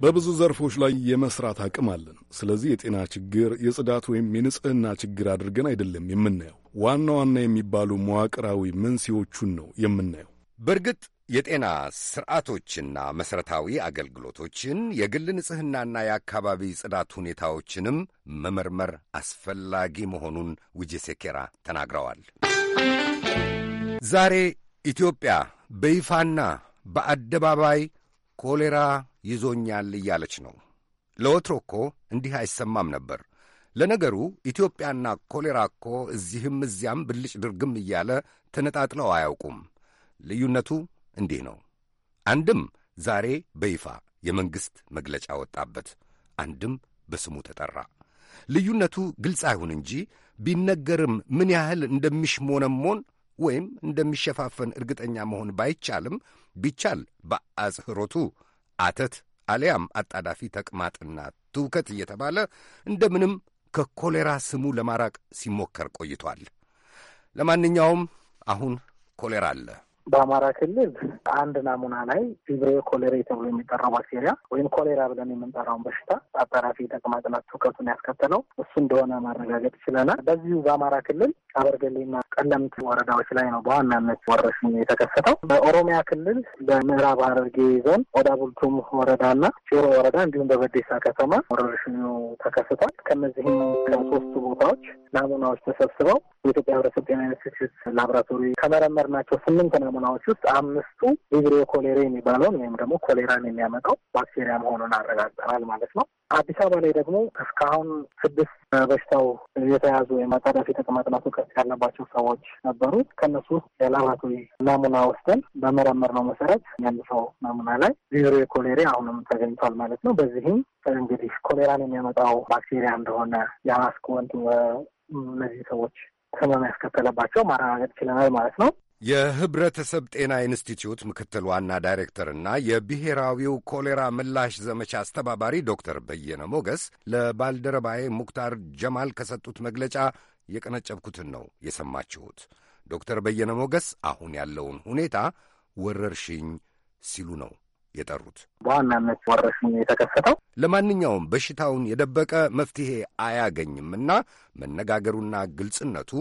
በብዙ ዘርፎች ላይ የመስራት አቅም አለን። ስለዚህ የጤና ችግር የጽዳት ወይም የንጽህና ችግር አድርገን አይደለም የምናየው፣ ዋና ዋና የሚባሉ መዋቅራዊ መንስኤዎቹን ነው የምናየው። በእርግጥ የጤና ስርዓቶችና መሠረታዊ አገልግሎቶችን፣ የግል ንጽሕናና የአካባቢ ጽዳት ሁኔታዎችንም መመርመር አስፈላጊ መሆኑን ሴኬራ ተናግረዋል። ዛሬ ኢትዮጵያ በይፋና በአደባባይ ኮሌራ ይዞኛል እያለች ነው። ለወትሮ እኮ እንዲህ አይሰማም ነበር። ለነገሩ ኢትዮጵያና ኮሌራ እኮ እዚህም እዚያም ብልጭ ድርግም እያለ ተነጣጥለው አያውቁም። ልዩነቱ እንዲህ ነው። አንድም ዛሬ በይፋ የመንግሥት መግለጫ ወጣበት፣ አንድም በስሙ ተጠራ። ልዩነቱ ግልጽ አይሁን እንጂ ቢነገርም ምን ያህል እንደሚሽሞነሞን ወይም እንደሚሸፋፈን እርግጠኛ መሆን ባይቻልም ቢቻል በአጽህሮቱ አተት አሊያም አጣዳፊ ተቅማጥና ትውከት እየተባለ እንደምንም ከኮሌራ ስሙ ለማራቅ ሲሞከር ቆይቷል። ለማንኛውም አሁን ኮሌራ አለ። በአማራ ክልል አንድ ናሙና ላይ ፊብሬ ኮሌሬ ተብሎ የሚጠራው ባክቴሪያ ወይም ኮሌራ ብለን የምንጠራውን በሽታ አጣራፊ ተቅማጥና ትውከቱን ያስከተለው እሱ እንደሆነ ማረጋገጥ ችለናል። በዚሁ በአማራ ክልል አበርገሌና ቀለምት ወረዳዎች ላይ ነው በዋናነት ወረርሽኙ የተከሰተው። በኦሮሚያ ክልል በምዕራብ ሐረርጌ ዞን ኦዳ ቡልቱም ወረዳና ጭሮ ወረዳ እንዲሁም በበዴሳ ከተማ ወረርሽኙ ተከስቷል። ከነዚህም ከሶስቱ ቦታዎች ናሙናዎች ተሰብስበው የኢትዮጵያ ሕብረተሰብ ጤና ኢንስቲትዩት ላቦራቶሪ ከመረመር ናቸው ስምንት ናሙናዎች ውስጥ አምስቱ ቪብሪዮ ኮሌሬ የሚባለውን ወይም ደግሞ ኮሌራን የሚያመጣው ባክቴሪያ መሆኑን አረጋግጠናል ማለት ነው። አዲስ አበባ ላይ ደግሞ እስካሁን ስድስት በሽታው የተያዙ ወይም አጣዳፊ ተቅማጥና ትውከት ያለባቸው ሰዎች ነበሩ። ከእነሱ ውስጥ የላቦራቶሪ ናሙና ወስደን በመረመር ነው መሰረት ያንድ ሰው ናሙና ላይ ቪብሪዮ ኮሌሬ አሁንም ተገኝቷል ማለት ነው። በዚህም እንግዲህ ኮሌራን የሚያመጣው ባክቴሪያ እንደሆነ የማስክ እነዚህ ሰዎች ህመም ያስከተለባቸው ማረጋገጥ ችለናል ማለት ነው። የህብረተሰብ ጤና ኢንስቲትዩት ምክትል ዋና ዳይሬክተርና የብሔራዊው ኮሌራ ምላሽ ዘመቻ አስተባባሪ ዶክተር በየነ ሞገስ ለባልደረባዬ ሙክታር ጀማል ከሰጡት መግለጫ የቀነጨብኩትን ነው የሰማችሁት። ዶክተር በየነ ሞገስ አሁን ያለውን ሁኔታ ወረርሽኝ ሲሉ ነው የጠሩት በዋናነት ወረርሽኙ የተከሰተው ለማንኛውም በሽታውን የደበቀ መፍትሄ አያገኝምና መነጋገሩና ግልጽነቱ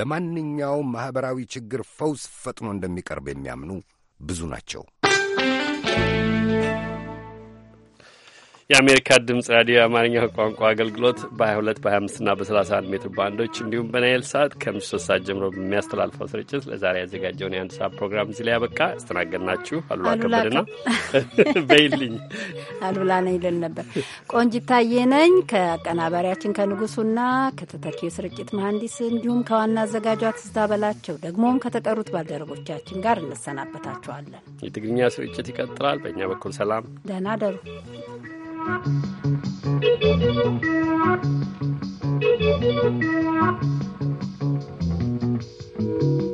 ለማንኛውም ማኅበራዊ ችግር ፈውስ ፈጥኖ እንደሚቀርብ የሚያምኑ ብዙ ናቸው። የአሜሪካ ድምፅ ራዲዮ የአማርኛ ቋንቋ አገልግሎት በ22 በ25 እና በ31 ሜትር ባንዶች እንዲሁም በናይል ሰዓት ከምሽቱ ሶስት ሰዓት ጀምሮ በሚያስተላልፈው ስርጭት ለዛሬ ያዘጋጀውን የአንድ ሰዓት ፕሮግራም እዚህ ላይ ያበቃ። ያስተናገድናችሁ አሉላ ከበድና በይልኝ አሉላ ነኝ ልል ነበር ቆንጅታዬ ነኝ ከአቀናባሪያችን ከንጉሱና ከተተኪው ስርጭት መሐንዲስ እንዲሁም ከዋና አዘጋጇ ትዝታ በላቸው ደግሞም ከተቀሩት ባልደረቦቻችን ጋር እንሰናበታችኋለን። የትግርኛ ስርጭት ይቀጥላል። በእኛ በኩል ሰላም፣ ደህና ደሩ። Thank you.